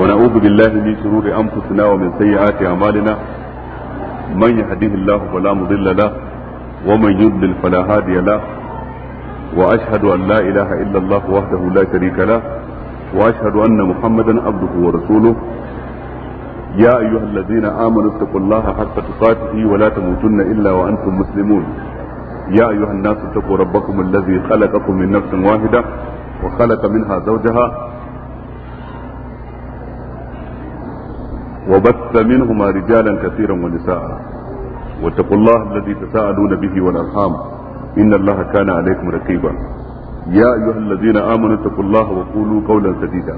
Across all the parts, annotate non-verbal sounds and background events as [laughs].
ونعوذ بالله من شرور أنفسنا ومن سيئات أعمالنا من يهده الله فلا مضل له ومن يضلل فلا هادي له وأشهد أن لا إله إلا الله وحده لا شريك له وأشهد أن محمدا عبده ورسوله يا أيها الذين آمنوا اتقوا الله حق تقاته ولا تموتن إلا وأنتم مسلمون يا أيها الناس اتقوا ربكم الذي خلقكم من نفس واحدة وخلق منها زوجها وبث منهما رجالا كثيرا ونساء واتقوا الله الذي تساءلون به والأرحام إن الله كان عليكم رقيبا يا أيها الذين آمنوا اتقوا الله وقولوا قولا سديدا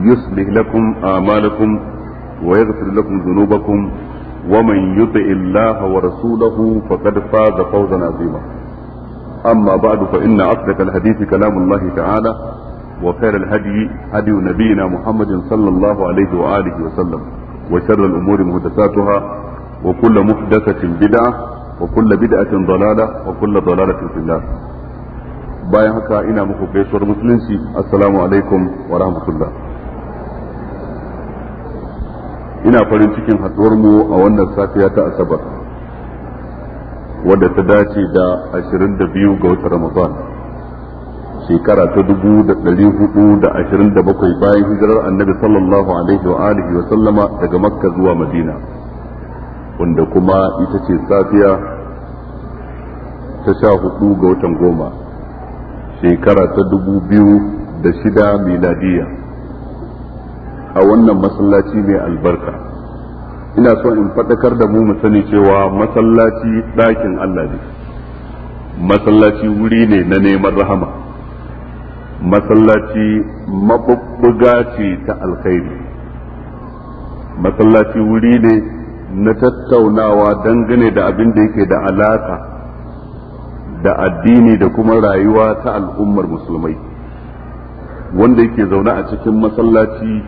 يصلح لكم آمالكم ويغفر لكم ذنوبكم ومن يطع الله ورسوله فقد فاز فوزا عظيما أما بعد فإن أصدق الحديث كلام الله تعالى وخير الهدي هدي نبينا محمد صلى الله عليه وآله وسلم وشر الأمور محدثاتها وكل محدثة بدعة وكل بدعة ضلالة وكل ضلالة في النار bayan haka ina muku gaisuwar musulunci assalamu alaikum wa rahmatullah ina farin cikin haɗuwar mu a wannan safiya ta asabar wadda ta dace da 22 ga watan ramadan shekara ta dubu da ɗari hudu da ashirin da bakwai bayan hijirar annabi sallallahu alaihi wa alihi wa sallama daga makka zuwa madina wanda kuma ita ce safiya ta sha hudu ga watan goma shekara ta dubu biyu da shida miladiya a wannan masallaci mai albarka ina so in faɗakar da mu mu sani cewa masallaci ɗakin Allah ne masallaci wuri ne na neman rahama masallaci maɓuɓɓuga ce ta alkhairi masallaci wuri ne na tattaunawa dangane da abin da yake da alaka da addini da kuma rayuwa ta al'ummar musulmai wanda yake zaune a cikin masallaci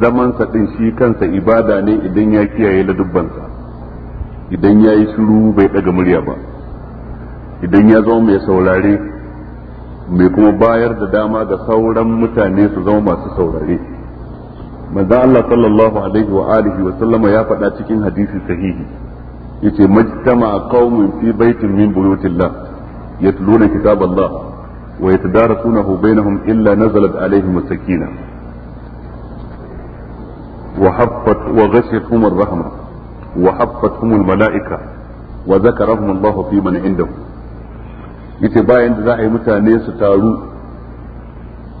zamansa ɗin shi kansa ibada ne idan ya kiyaye ladubbansa idan ya yi shiru bai ɗaga murya ba idan ya zama mai saurare mai kuma bayar da dama ga sauran mutane su zama masu saurare manzo Allah sallallahu alaihi wa alihi wa sallama ya faɗa cikin hadisi sahihi yace majtama qaumun fi baitin min buyutillah yatluna kitaballah wa yatadarasunahu bainahum illa nazalat alaihim as-sakinah وحفت وغشيتهم الرحمة وحفتهم الملائكة وذكرهم الله في من عنده yace bayan da za a yi mutane su taru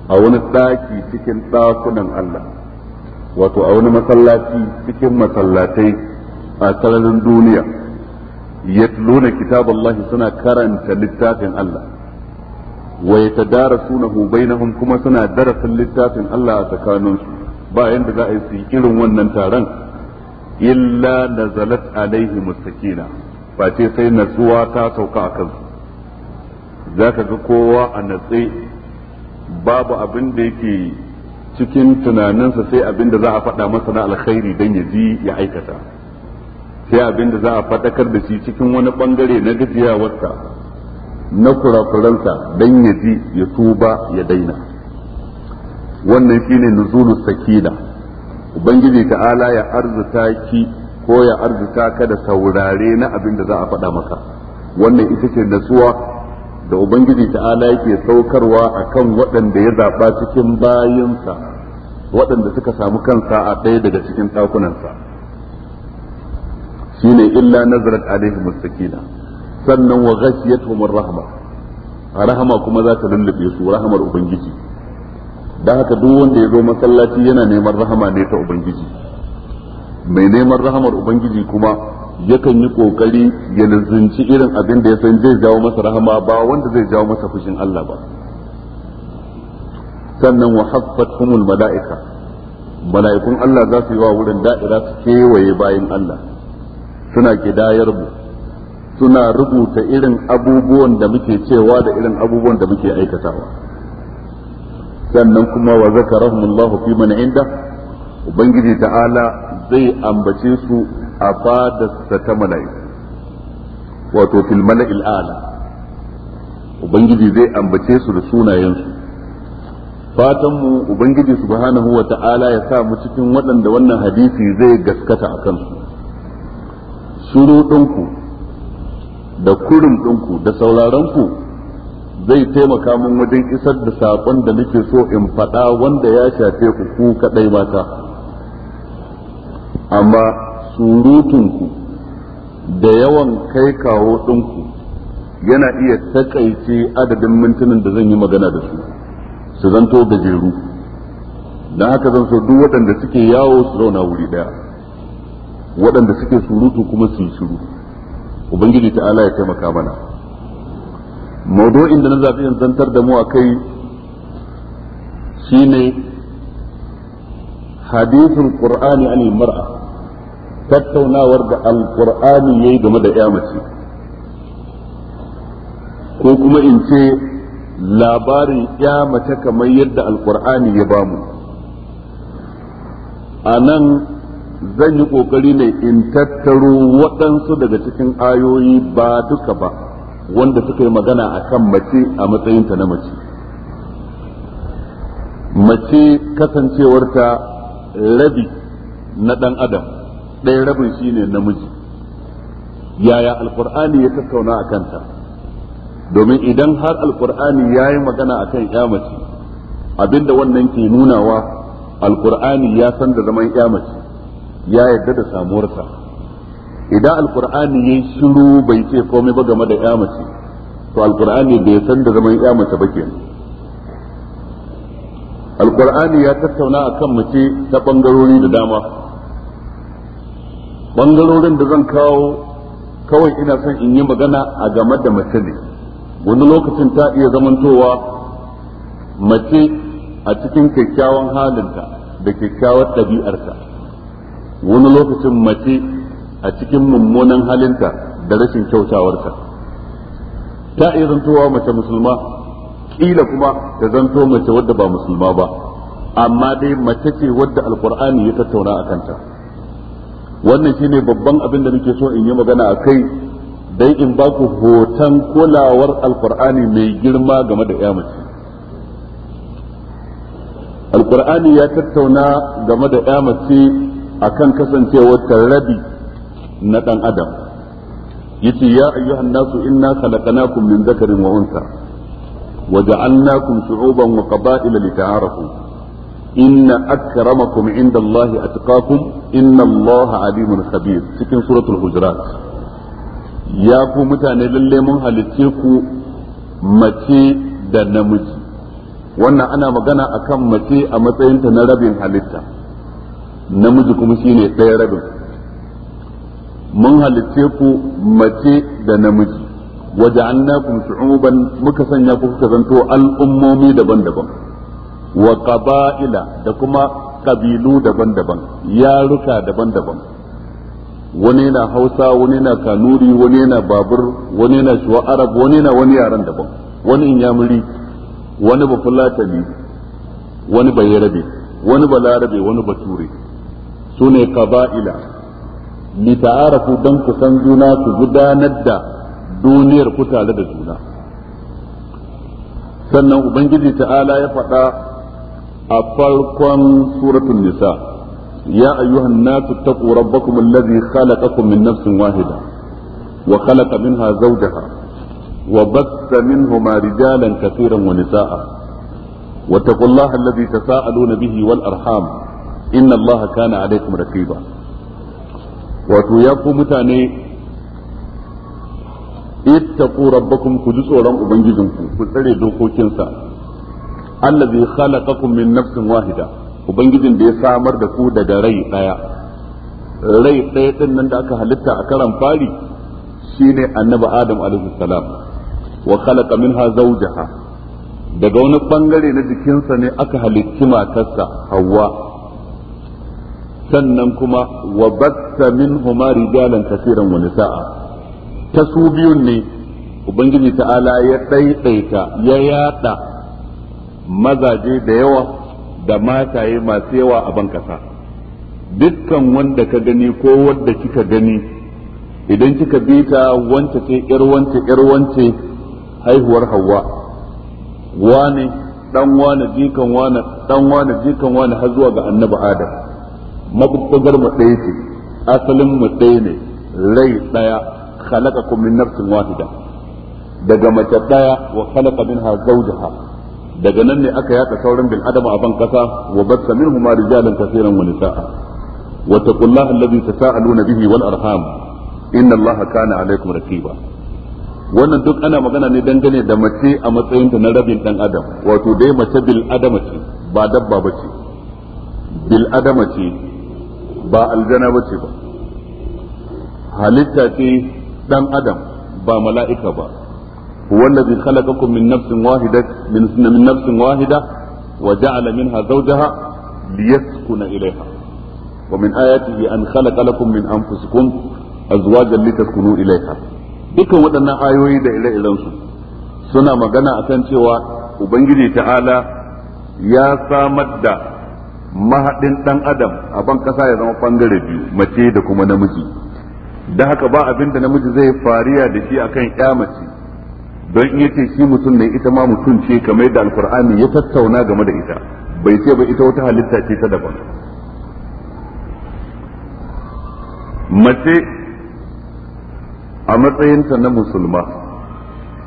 a wani ɗaki cikin ɗakunan Allah wato a wani masallaci cikin masallatai a sararin duniya kitab kitaballahi suna karanta littafin Allah wa suna bainahum kuma suna darasin littafin Allah a tsakaninsu bayan da za a yi su irin wannan taron illa nazalat alaihi Ba ce sai natsuwa ta sauka a kansu za ka ga kowa a natse babu abin da yake cikin tunaninsa sai abin da za a faɗa masa na alkhairi don ya ji ya aikata sai abin da za a faɗakar da shi cikin wani ɓangare na gajiyawarsa na kurakuransa don ya ji ya tuba ya daina wannan shine nuzulu sakina ubangiji ta'ala ya arzuta ki ko ya arzuta ka da saurare na abin da za a faɗa maka wannan ita ce natsuwa da ubangiji ta'ala yake saukarwa akan waɗanda ya zaɓa cikin bayinsa waɗanda suka samu kansa a ɗaya daga cikin ɗakunansa shine illa nazarat alaihi mustaqila sannan wa ghashiyatuhum rahma rahama kuma za ta lullube su rahmar ubangiji dan haka duk wanda ya zo masallaci yana neman rahama ne ta ubangiji mai neman rahmar ubangiji kuma yakan yi kokari ya nazunci irin abin da ya san zai jawo masa rahama ba wanda zai jawo masa fushin Allah ba sannan wa humul mala'ika mala'ikun Allah za su yi wa wurin da'ira su kewaye bayan Allah suna kidayar mu suna rubuta irin abubuwan da muke cewa da irin abubuwan da muke aikatawa sannan kuma wa zakarahumullahu fi man inda ubangiji ta'ala zai ambace su a fadarsa ta mala'i wato fil mala'il ala ubangiji zai ambace su da sunayensu fatanmu ubangiji subhanahu wa ta'ala ya sa mu cikin waɗanda wannan hadisi zai gaskata a kansu suru ɗinku da kurin ɗinku da sauraronku zai taimaka min wajen isar da saƙon da nake so in faɗa wanda ya shafe ku ku kaɗai mata amma surutunku da yawan kai kawo ɗinku yana iya takaice adadin mintunan da zan yi magana da su su zanto gajeru don haka zan so duk waɗanda suke yawo su zauna wuri ɗaya waɗanda suke surutu kuma su yi shiru ubangiji ta'ala ya taimaka mana maudu'in da na zaɓi yin zantar da mu a kai shine hadisin qur'ani anil mar'a tattaunawar da ya yi game da ya mace ko kuma in ce labarin ya mace kamar yadda alkur'ani ya bamu a nan zan yi ƙoƙari ne in tattaro waɗansu daga cikin ayoyi ba duka ba wanda suka yi magana a kan mace a matsayinta na mace mace kasancewarta rabi na ɗan adam ɗaya rabin shi ne namiji yaya alkur'ani ya tattauna a kanta domin idan har alkur'ani ya yi magana a kan mace abinda wannan ke nunawa alkur'ani ya san da zaman mace ya yarda da samuwarsa idan alkur'ani ya yi shiru bai ce komai ba game da mace to alkur'ani bai san da zaman mace ba kenan alkur'ani ya tattauna a kan mace ta ɓangarori da dama bangarorin da zan kawo kawai ina son in yi magana a game da mace ne wani lokacin ta iya zamantowa mace a cikin kyakkyawan halinta da kyakkyawar ɗabi'arta wani lokacin mace a cikin mummunan halinta da rashin kyautawarta ta iya zantowa mace musulma kila kuma ta zanto mace wadda ba musulma ba amma dai mace ce wadda alkur'ani ya tattauna a kanta wannan shine babban abin da nake so in yi magana a kai dai in ba ku hoton kulawar alkur'ani mai girma game da mace alkur'ani ya tattauna game da mace akan kasancewar rabi na dan adam yace ya ayyuhan nasu inna khalaqnakum min dhakarin wa unsa وجعلناكم شعوبا وقبائل لتعارفوا inna akramakum inda Allah atqakum inna Allah alimun khabir cikin suratul hujurat ya ku mutane lalle mun halicce ku mace da namiji wannan ana magana a kan mace a matsayinta na rabin halitta namiji kuma shine ɗaya rabin mun halicce ku mace da namiji waja'alnakum shu'uban muka sanya ku kuka zanto al'ummomi daban-daban wa qaba'ila da kuma ƙabilu daban-daban yaruka daban-daban wani na hausa wani na kanuri wani na babur wani na shuwa arab wani na wani yaren daban wani inyamuri wani bafulatani wani bayarabe wani balarabe wani bature su ne ƙaba'ila. li don dan ku san juna ku gudanar da duniyar ku tare da juna sannan ubangiji ta'ala ya faɗa a farkon suratul nisa ya ayyuhan nasu taqu rabbakum allazi khalaqakum min nafsin wahida wa khalaqa minha zawjaha wa bassa minhuma rijalan katiran wa nisaa wa taqullaha allazi tasaaluna bihi wal arham inna allaha kana alaykum raqiba wato ya ku mutane ittaqu rabbakum ku ji tsoron ubangijinku ku tsare dokokinsa allazi khalaqakum min nafsin wahida ubangijin da ya samar da ku daga rai daya rai daya din nan da aka halitta a karan fari shine annabi adam alaihi salam wa khalaqa minha zawjaha daga wani bangare na jikinsa ne aka halicci matarsa hawa sannan kuma wa batta minhuma rijalan kasiran wani sa'a. ta su biyun ne ubangiji ta'ala ya ɗaiɗaita ya yaɗa. mazaje da yawa da mataye masu yawa a ban kasa dukkan wanda ka gani ko wanda kika gani idan kika bi ta wance ce yar wance yar wance haihuwar hawa wane dan wane jikan wane dan wane jikan wane har zuwa ga annabi adam mabubbugar mu ɗaya ce asalin mu ɗaya ne rai ɗaya khalaqakum min nafsin wahida daga mace ɗaya wa khalaqa minha zawjaha daga nan ne aka yaɗa sauran bil adama a ban kasa wa batta minhum rijalan kaseeran wa nisaa wa taqullaha alladhi tasaaluna bihi wal arham inna allaha kana alaykum raqiba wannan duk ana magana ne dangane da mace a matsayin ta na rabin dan adam wato dai mace bil adama ce ba dabba bace bil adama ce ba aljana bace ba halitta ce dan adam ba mala'ika ba هو الذي خلقكم من نفس واحدة من, من نفس واحدة وجعل منها زوجها ليسكن إليها ومن آياته أن خلق لكم من أنفسكم أزواجا لتسكنوا إليها dukkan waɗannan ayoyi da ire-irensu suna magana a kan cewa ubangiji ta'ala ya samar da mahaɗin ɗan adam a ban ƙasa ya zama ɓangare biyu mace da kuma namiji da haka ba abin da namiji zai fariya da shi akan ƴa mace don iya ce shi mutum ne ita ma mutum ce kamar da alkur'ani ya tattauna game da ita bai ce ba ita wata halitta ce ta daban mace a matsayinta na musulma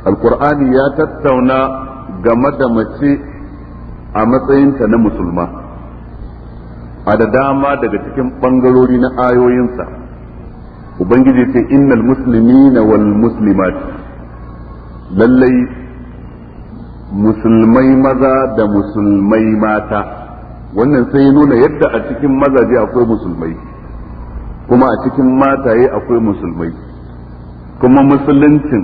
alkur'ani ya tattauna game da mace a matsayinta na musulma a da dama daga cikin ɓangarori na ayoyinsa ubangiji ce innal muslimina wal muslimat lallai musulmai maza da musulmai mata wannan sai ya nuna yadda a cikin mazaje akwai musulmai kuma a cikin mataye akwai musulmai kuma musuluncin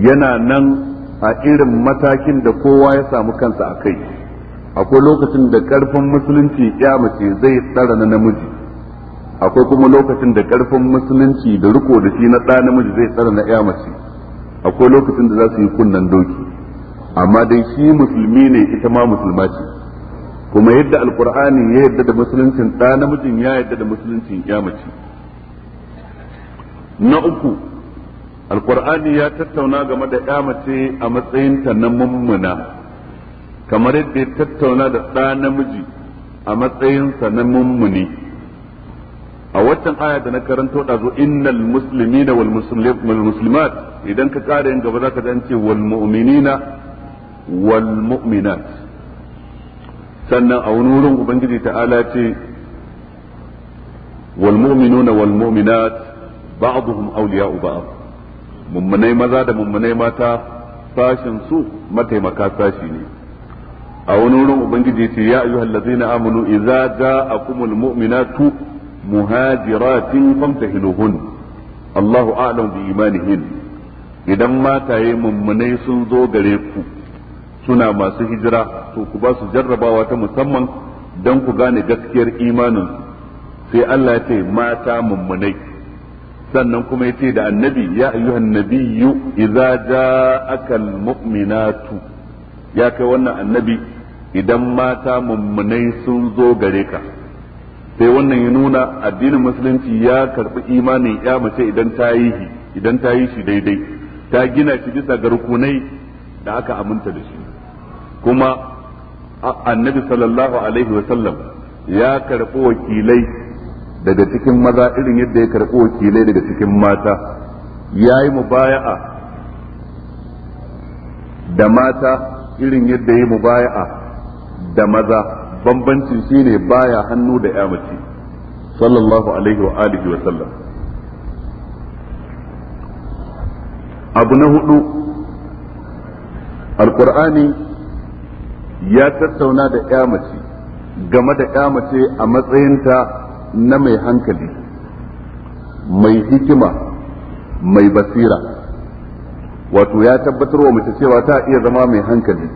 yana nan a irin matakin da kowa ya samu kansa a kai akwai lokacin da karfin musulunci ya mace zai tsara na namiji akwai kuma lokacin da karfin musulunci da riko da shi na ɗa namiji zai tsara na ya mace akwai lokacin da za su yi kunnen doki amma dai shi musulmi ne ita ma musulma ce kuma yadda alkur'ani ya yadda da musuluncin ɗa namijin ya yadda da musuluncin ya na uku alkur'ani ya tattauna game da ya mace a matsayinta na mummuna kamar yadda ya tattauna da ɗa namiji a matsayinsa na mummuni a waccan aya da na karanto da zo innal muslimina wal muslimat idan ka kare yin gaba za ka ce wal mu'minina wal mu'minat sannan a wani wurin ubangiji ta'ala ce wal mu'minuna wal mu'minat ba'dhum awliya'u ba'd mummunai maza da mummunai mata sashin su mataimaka sashi ne a wani wurin ubangiji ce ya ayyuhallazina amanu idza ja'akumul mu'minatu muhajiratin famtahinuhun Allahu a'lam bi imanihin idan mataye mummunai sun zo gare ku suna masu hijira to ku ba su jarrabawa ta musamman don ku gane gaskiyar imanin sai Allah ya ce mata mummunai sannan kuma ya ce da annabi ya ayyuhan nabiyyu idza ja'aka almu'minatu ya kai wannan annabi idan mata mummunai sun zo gare ka sai wannan ya nuna addinin musulunci ya karbi imanin ya mace idan ta yi idan ta yi shi daidai ta gina shi bisa ga rukunai da aka aminta da shi kuma annabi sallallahu alaihi wa sallam ya karbi wakilai daga cikin maza irin yadda ya karbi wakilai daga cikin mata ya yi mubaya'a da mata irin yadda ya yi mubaya'a da maza bambanci shine baya hannu da ya mace sallallahu alaihi wa alihi wa sallam abu na hudu alqur'ani ya tattauna da ya mace game da ya mace a matsayinta na mai hankali mai hikima mai basira wato ya tabbatar wa mace cewa ta iya zama mai hankali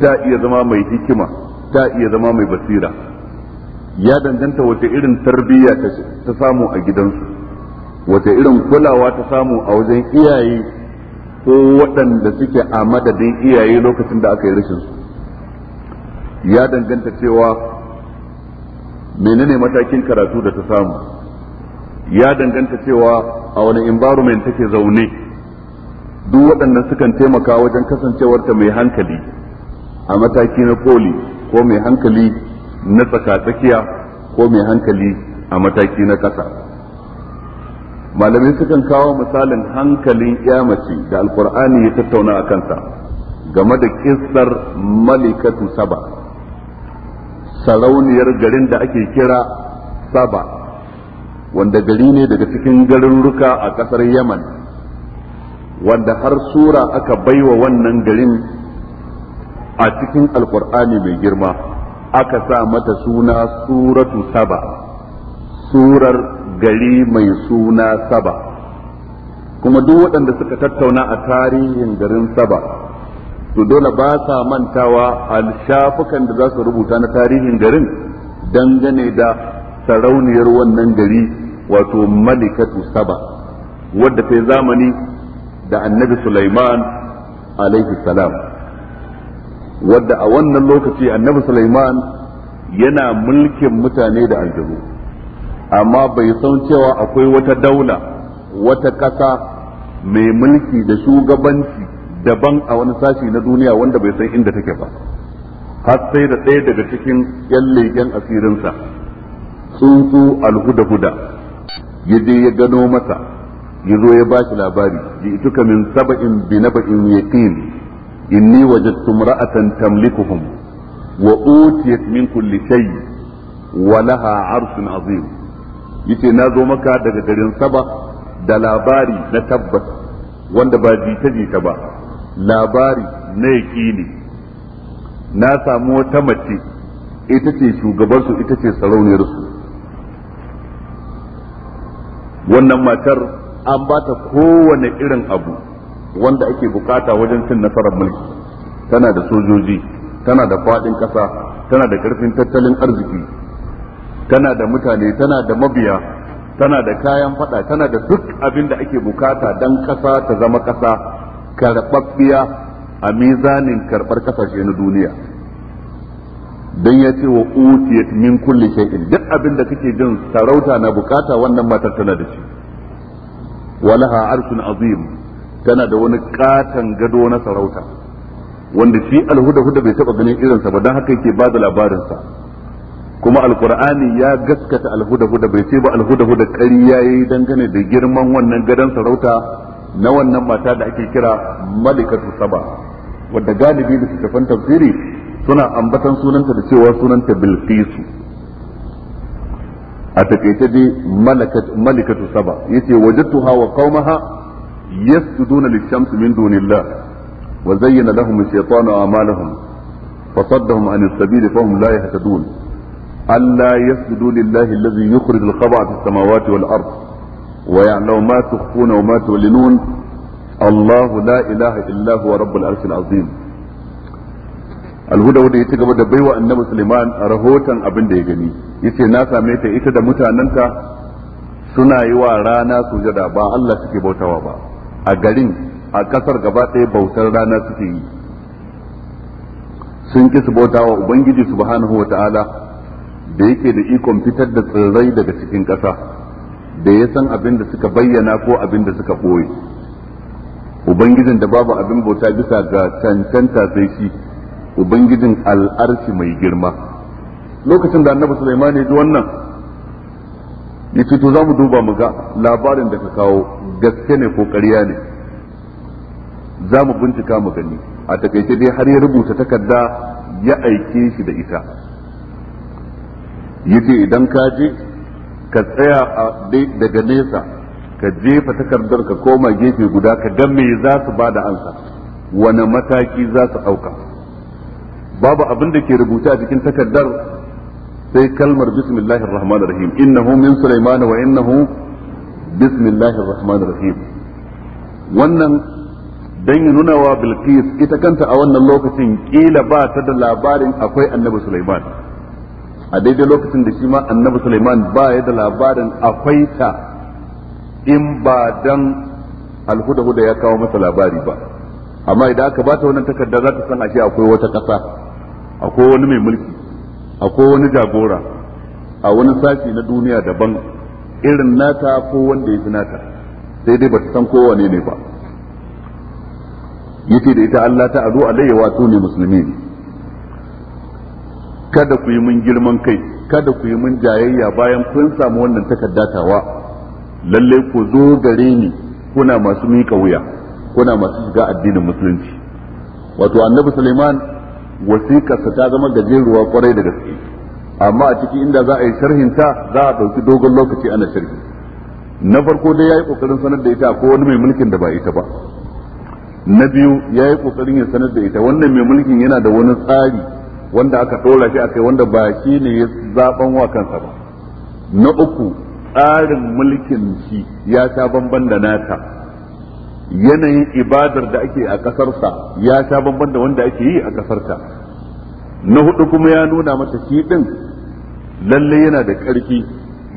ta iya zama mai hikima ta iya zama mai basira ya danganta wata irin tarbiyya ta samu a gidansu wata irin kulawa ta samu a wajen iyaye ko waɗanda suke a madadin iyaye lokacin da aka yi rashin su ya danganta cewa menene matakin karatu da ta samu ya danganta cewa a wani environment take zaune duk waɗannan sukan taimaka wajen kasancewarta mai hankali a mataki na poli ko mai hankali na tsakatsakiya ko mai hankali a mataki na ƙasa malamai sukan kawo misalin hankalin mace da alkur'ani ya tattauna a kansa game da kissar malikatu saba sarauniyar garin da ake kira saba wanda gari ne daga cikin garuruka a ƙasar yaman wanda har sura aka baiwa wannan garin a cikin alkur'ani mai girma aka sa mata suna suratu saba surar gari mai suna saba kuma duk waɗanda suka tattauna a tarihin garin saba to dole ba sa mantawa a shafukan da za su rubuta na tarihin garin dangane da sarauniyar wannan gari wato malikatu saba wadda ta zamani da annabi Sulaiman alaihi salam wadda a wannan lokaci annabi Sulaiman yana mulkin mutane da aljanu amma bai san cewa akwai wata daula wata ƙasa mai mulki da shugabanci daban a wani sashi na duniya wanda bai san inda take ba har sai da ɗaya daga cikin yan leƙen asirinsa tsuntsu alhuda-huda ya je ya gano masa ya zo ya ba shi labari ji ituka min saba'in bi naba'in yaqin inni wajadtu imra'atan tamlikuhum wa utiyat min kulli shay wa laha azim yace na zo maka daga garin Saba da labari na tabbas wanda ba jita jita ba labari na yaƙini na samu wata mace ita ce shugabansu ita ce sarauniyarsu wannan matar an ba ta kowane irin abu wanda ake bukata wajen cin nasarar mulki tana da sojoji tana da fadin kasa tana da karfin tattalin arziki tana da mutane tana da mabiya tana da kayan fada tana da duk abin da ake bukata dan kasa ta zama kasa karɓaɓɓiya a mizanin karɓar kasashe na duniya dan ya ce wa utiyat min kulli shay'in duk abin da kake jin sarauta na bukata wannan matar tana da shi walaha arshun azim tana da wani katon gado na sarauta wanda shi alhuda-huda bai taba ganin irinsa ba don haka yake bada labarinsa kuma alkur'ani ya gaskata alhuda-huda bai ce ba alhuda-huda ƙari ya yi dangane da girman wannan gadon sarauta na wannan mata da ake kira malikatu saba wadda galibi da littattafan tafsiri suna ambatan sunanta da cewa sunanta bilkisu a takaice dai malikatu saba yace wajadtuha wa qaumaha يسجدون للشمس من دون الله وزين لهم الشيطان أعمالهم فصدهم عن السبيل فهم لا يهتدون ألا يسجدوا لله الذي يخرج الخبع في السماوات والأرض ويعلم ما تخفون وما تعلنون الله لا إله إلا هو رب العرش العظيم alhuda wanda ya ci gaba da baiwa annabi Suleiman rahoton abin da ya gani yace na same ta ita da mutanenta suna yi wa rana sujada ba Allah suke bautawa ba a garin a ƙasar gaba ɗaya bautar rana suke yi sun ki su bauta wa ubangiji subhanahu wa ta'ala da yake da ikon fitar da tsirrai daga cikin ƙasa da ya san abin da suka bayyana ko abin da suka ɓoye ubangijin da babu abin bauta bisa ga cancanta sai shi ubangijin al'arshi mai girma lokacin da annabi sulaiman ya ji wannan ya ce to za mu duba mu ga labarin da ka kawo gaske ne ko ƙarya ne za mu bincika mu gani a takaice dai har ya rubuta takarda ya aike shi da ita yace idan ka je ka tsaya daga nesa ka jefa takardar ka koma gefe guda ka ga me za su ba da ansa wani mataki za su ɗauka babu abin da ke rubuta a cikin takardar sai kalmar bismillahir rahmanir rahim innahu min Sulaimana wa innahu bismillahir الرحمن rahim wannan dan yi nuna wa bilqis ita kanta a wannan lokacin kila ba ta da labarin akwai annabi sulaiman a daidai lokacin da shi ma annabi sulaiman ba ya da labarin akwai ta in ba dan alhuda ya kawo masa labari ba amma idan aka bata wannan takarda za ta san ashe akwai wata ƙasa akwai wani mai mulki akwai wani jagora a wani sashi na duniya daban irin nata ko wanda ya fi nata sai dai ba ta san kowane ne ba yace da ita Allah ta azu alayya wato ne musulmi kada ku yi mun girman kai kada ku yi mun jayayya bayan kun samu wannan takaddatawa lalle ku zo gare ni kuna masu miƙa wuya kuna masu shiga addinin musulunci wato annabi Suleiman wasiƙarsa ta zama gajeruwa kwarai da gaske amma a ciki inda za a yi sharhin ta za a ɗauki dogon lokaci ana sharhi na farko dai yayi kokarin sanar da ita ko wani mai mulkin da ba ita ba na biyu yayi kokarin ya sanar da ita wannan mai mulkin yana da wani tsari wanda aka ɗora shi akai wanda ba shi ne ya zaban wa kansa ba na uku tsarin mulkin shi ya sha bamban da nata yanayin ibadar da ake a ƙasarsa ya sha bamban da wanda ake yi a ƙasarta na hudu kuma ya nuna mata shi din lalle yana da ƙarfi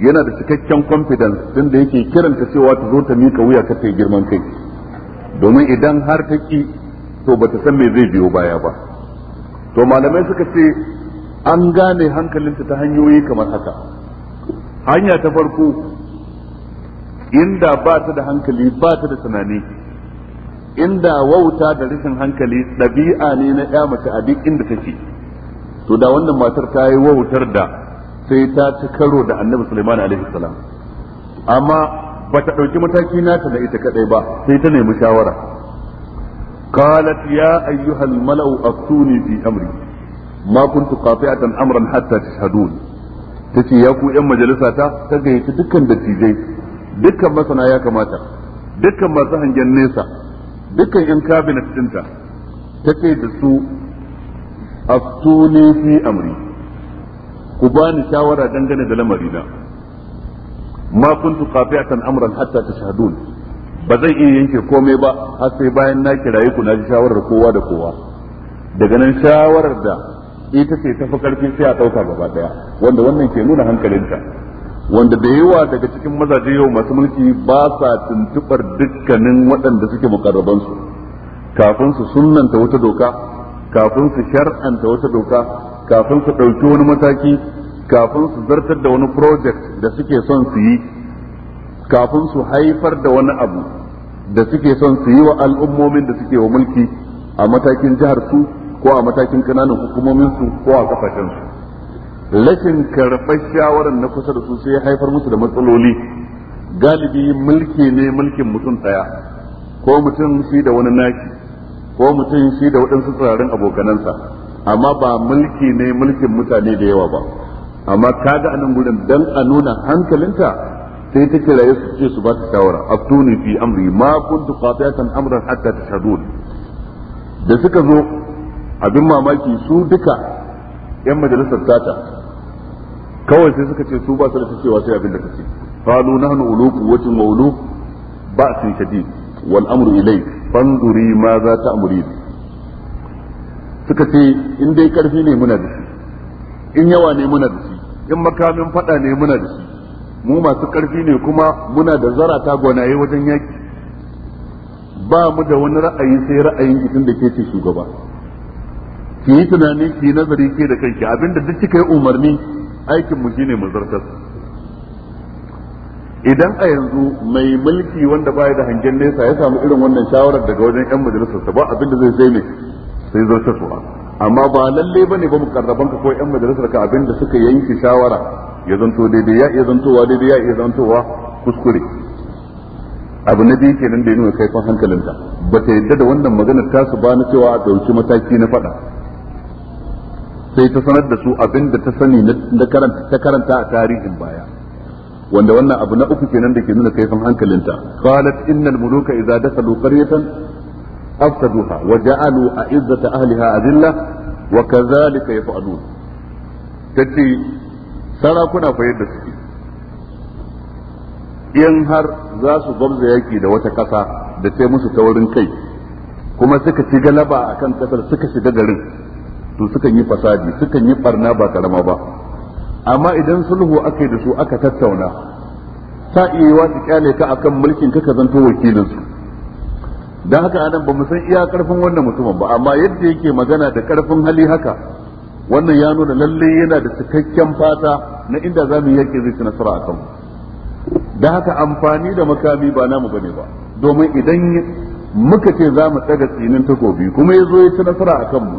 yana da cikakken confidence din da yake kiranta cewa ta zo ta mika wuya ka ta girman kai domin idan har ta ki to bata san me zai biyo baya ba to malamai suka ce an gane hankalinta ta hanyoyi kamar haka hanya ta farko inda ba ta da hankali ba ta da tunani inda wauta da rashin hankali ɗabi'a ne na ya mace a duk inda take to da wannan matar ta yi wautar da sai ta ci karo da annabi Sulaiman alaihi salam amma bata dauki mataki nata da ita kadai ba sai ta nemi shawara qalat ya ayyuha al-mala'u aftuni fi amri ma kuntu qati'atan amran hatta tashhadun tace ya ku yan majalisa ta ta gayyaci dukkan dattijai dukkan masana ya kamata dukkan masu hangen nesa dukkan yan cabinet dinta tace da su aftuni fi amri ku bani shawara dangane da lamarina ma kuntu qafi'atan amran hatta tashhadun ba zai iya yanke komai ba har sai bayan na kiraye ku na ji shawarar kowa da kowa daga nan shawarar da ita ce tafi karfi sai a dauka gaba daya wanda wannan ke nuna hankalinta wanda da yawa daga cikin mazaje yau masu mulki ba sa tuntubar dukkanin waɗanda suke mukarrabansu kafin su sunnanta wata doka kafin su shar'anta wata doka kafin su ɗauki wani mataki kafin su zartar da wani project da suke son su yi kafin su haifar da wani abu da suke son su yi wa al'ummomin da suke wa mulki a matakin jihar su ko a matakin kananan hukumomin su ko a kafashen su rashin karɓar shawarar na kusa da su sai haifar musu da matsaloli galibi mulki ne mulkin mutum ɗaya ko mutum shi da wani naki ko mutum shi da waɗansu tsirarin abokanansa amma ba mulki ne mulkin mutane da yawa ba amma kaga anan gurin dan a nuna hankalinta sai ta kiraye su ce su ba ta shawara aftuni fi amri ma kuntu qati'atan amran hatta tashhadun da suka zo abin mamaki su duka yan majalisar tata kawai sai suka ce su ba su da cewa sai abin da kace qalu nahnu ulu quwwatin wa ba ba'sin shadid wal amru ilayk fanzuri ma za ta amuri suka ce in dai karfi ne muna da shi in yawa ne muna da shi in makamin fada ne muna da shi mu masu karfi ne kuma muna da zarata gwanaye wajen yaki ba mu da wani ra'ayi sai ra'ayin idan da ke ce shugaba ki yi tunani ki nazari ke da kanki abinda duk kika yi umarni aikin mu shine mu zartar idan a yanzu mai mulki wanda baya da hangen nesa ya samu irin wannan shawarar daga wajen yan majalisarsa ba abinda zai sai ne sai zo zartaswa amma ba lalle bane ba mukarraban ka ko yan majalisar ka abin da suka yanke shawara ya zanto daidai ya iya zantowa daidai ya iya zantowa kuskure abu na biyu kenan da ya nuna kaifin hankalinta ba ta yadda da wannan maganar tasu ba na cewa a ɗauki mataki na faɗa sai ta sanar da su abin da ta sani ta karanta a tarihin baya wanda wannan abu na uku kenan da ke nuna kaifin hankalinta qalat innal muluka idza dakhalu qaryatan أفسدوها وجعلوا أعزة أهلها أذلة وكذلك يفعلون تتي sarakuna fa yadda suke in har za su gwamza yaki da wata ƙasa da sai musu taurin kai kuma suka ci galaba a kan ƙasar suka shiga garin to sukan yi fasadi sukan yi barna ba karama ba amma idan sulhu aka yi da su aka tattauna ta iya yiwa su kyale ka akan mulkin ka ka zanto wakilinsu dan haka anan ba mu san iya karfin wannan mutumin ba amma yadda yake magana da karfin hali haka wannan ya nuna lalle yana da cikakken fata na inda zamu yake zai ci nasara akan mu dan haka amfani da makami ba namu bane ba domin idan muka ce za mu daga tsinin takobi kuma ya zo ya ci nasara a kanmu,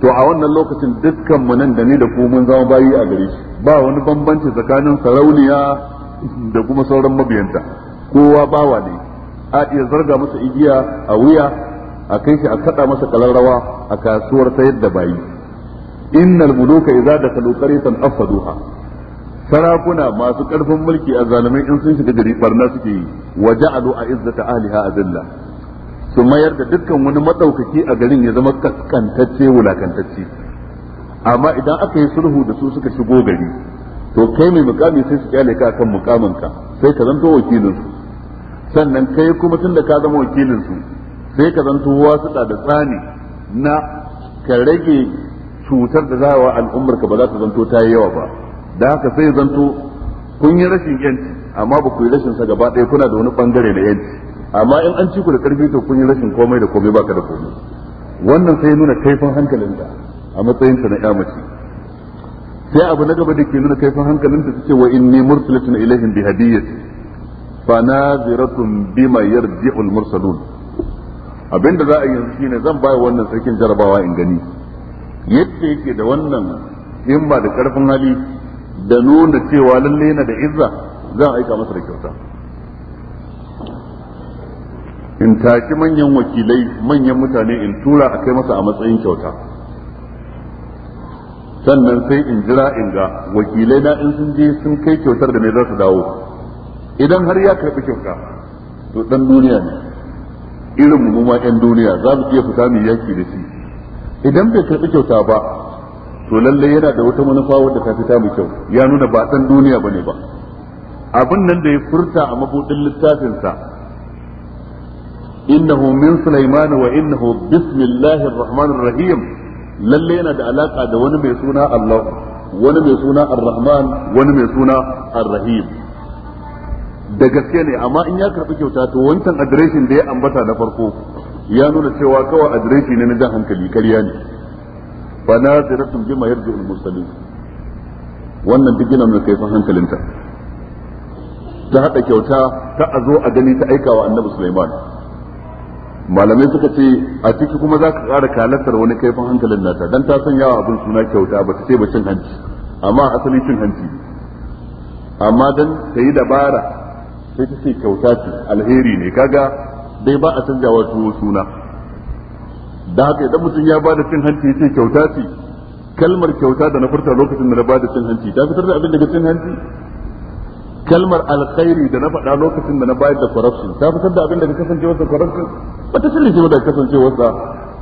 to a wannan lokacin dukkan mu nan da ni da ku mun zama bayi a gare shi ba wani bambanci tsakanin sarauniya da kuma sauran mabiyanta kowa bawa ne a iya zarga masa igiya a wuya a kai shi a kada masa kalarrawa a kasuwar sayar da bayi innal muluka idza dakalu qaryatan afsaduha sarakuna masu karfin mulki a zalimai in sun shiga gari barna suke yi wa ja'alu a izzata ahliha azilla su mayar da dukkan wani madaukaki a garin ya zama kaskantacce wulakantacce amma idan aka yi sulhu da su suka shigo gari to kai mai mukami sai su kyale ka akan mukamin sai ka zanto wakilin sannan kai kuma tun da ka zama wakilinsu, sai ka zanto wasuɗa da tsani na ka rage cutar da zawa al'ummar ka ba za ta zanto ta yi yawa ba da haka sai zanto kun yi rashin yanci amma ba ku yi rashin sa gaba ɗaya kuna da wani bangare na yanci amma in an ci ku da karfi to kun yi rashin komai da komai baka da komai wannan sai nuna kaifin hankalinta a matsayinta na ya mace sai abu na gaba da ke nuna kaifin hankalinta ta ce wa inni mursalatun ilaihim bi hadiyyati fanaziratun bima yarji'ul mursalun abinda za a yi yanzu shine zan bai wannan sarkin jarabawa in gani yadda yake da wannan in da karfin hali da nuna cewa lalle yana da izza zan aika masa da kyauta in taki manyan wakilai manyan mutane in tura a kai masa a matsayin kyauta sannan sai in jira in ga wakilai na in sun je sun kai kyautar da me za su dawo idan har ya karɓi kyauta to ɗan duniya ne irin mu ma ɗan duniya za mu iya fita mu yaki da shi idan bai karɓi kyauta ba to lalle yana da wata manufa wadda ta fita mu kyau ya nuna ba ɗan duniya bane ba abin nan da ya furta a mabuɗin littafinsa innahu min sulaiman wa innahu bismillahir rahmanir rahim lalle yana da alaka da wani mai suna Allah wani mai suna ar-rahman wani mai suna ar-rahim da gaske ne amma in ya karɓi kyauta to wancan adireshin da ya ambata na farko ya nuna cewa kawai adireshi ne na jan hankali karya ne na ziratun bi mayar da mursalin wannan duk yana mai kaifin hankalinta ta haɗa kyauta ta a zo a gani ta aika wa annabi Suleiman. malamai suka ce a ciki kuma za ka ƙara kalatar wani kaifin hankalin nata don ta sanya wa abin suna kyauta ba ta ce ba cin hanci amma asali cin hanci amma don ta yi dabara sai ta ce kyauta ce alheri ne kaga dai ba a wa tuwo suna da haka idan mutum ya bada cin hanci ya ce kyauta ce kalmar kyauta da na furta lokacin da na bada cin hanci ta fitar da abin daga cin hanci kalmar alkhairi da na faɗa lokacin da na bayar da corruption ta fitar da abin daga kasancewarsa corruption ba ta ce shi ba daga kasancewarsa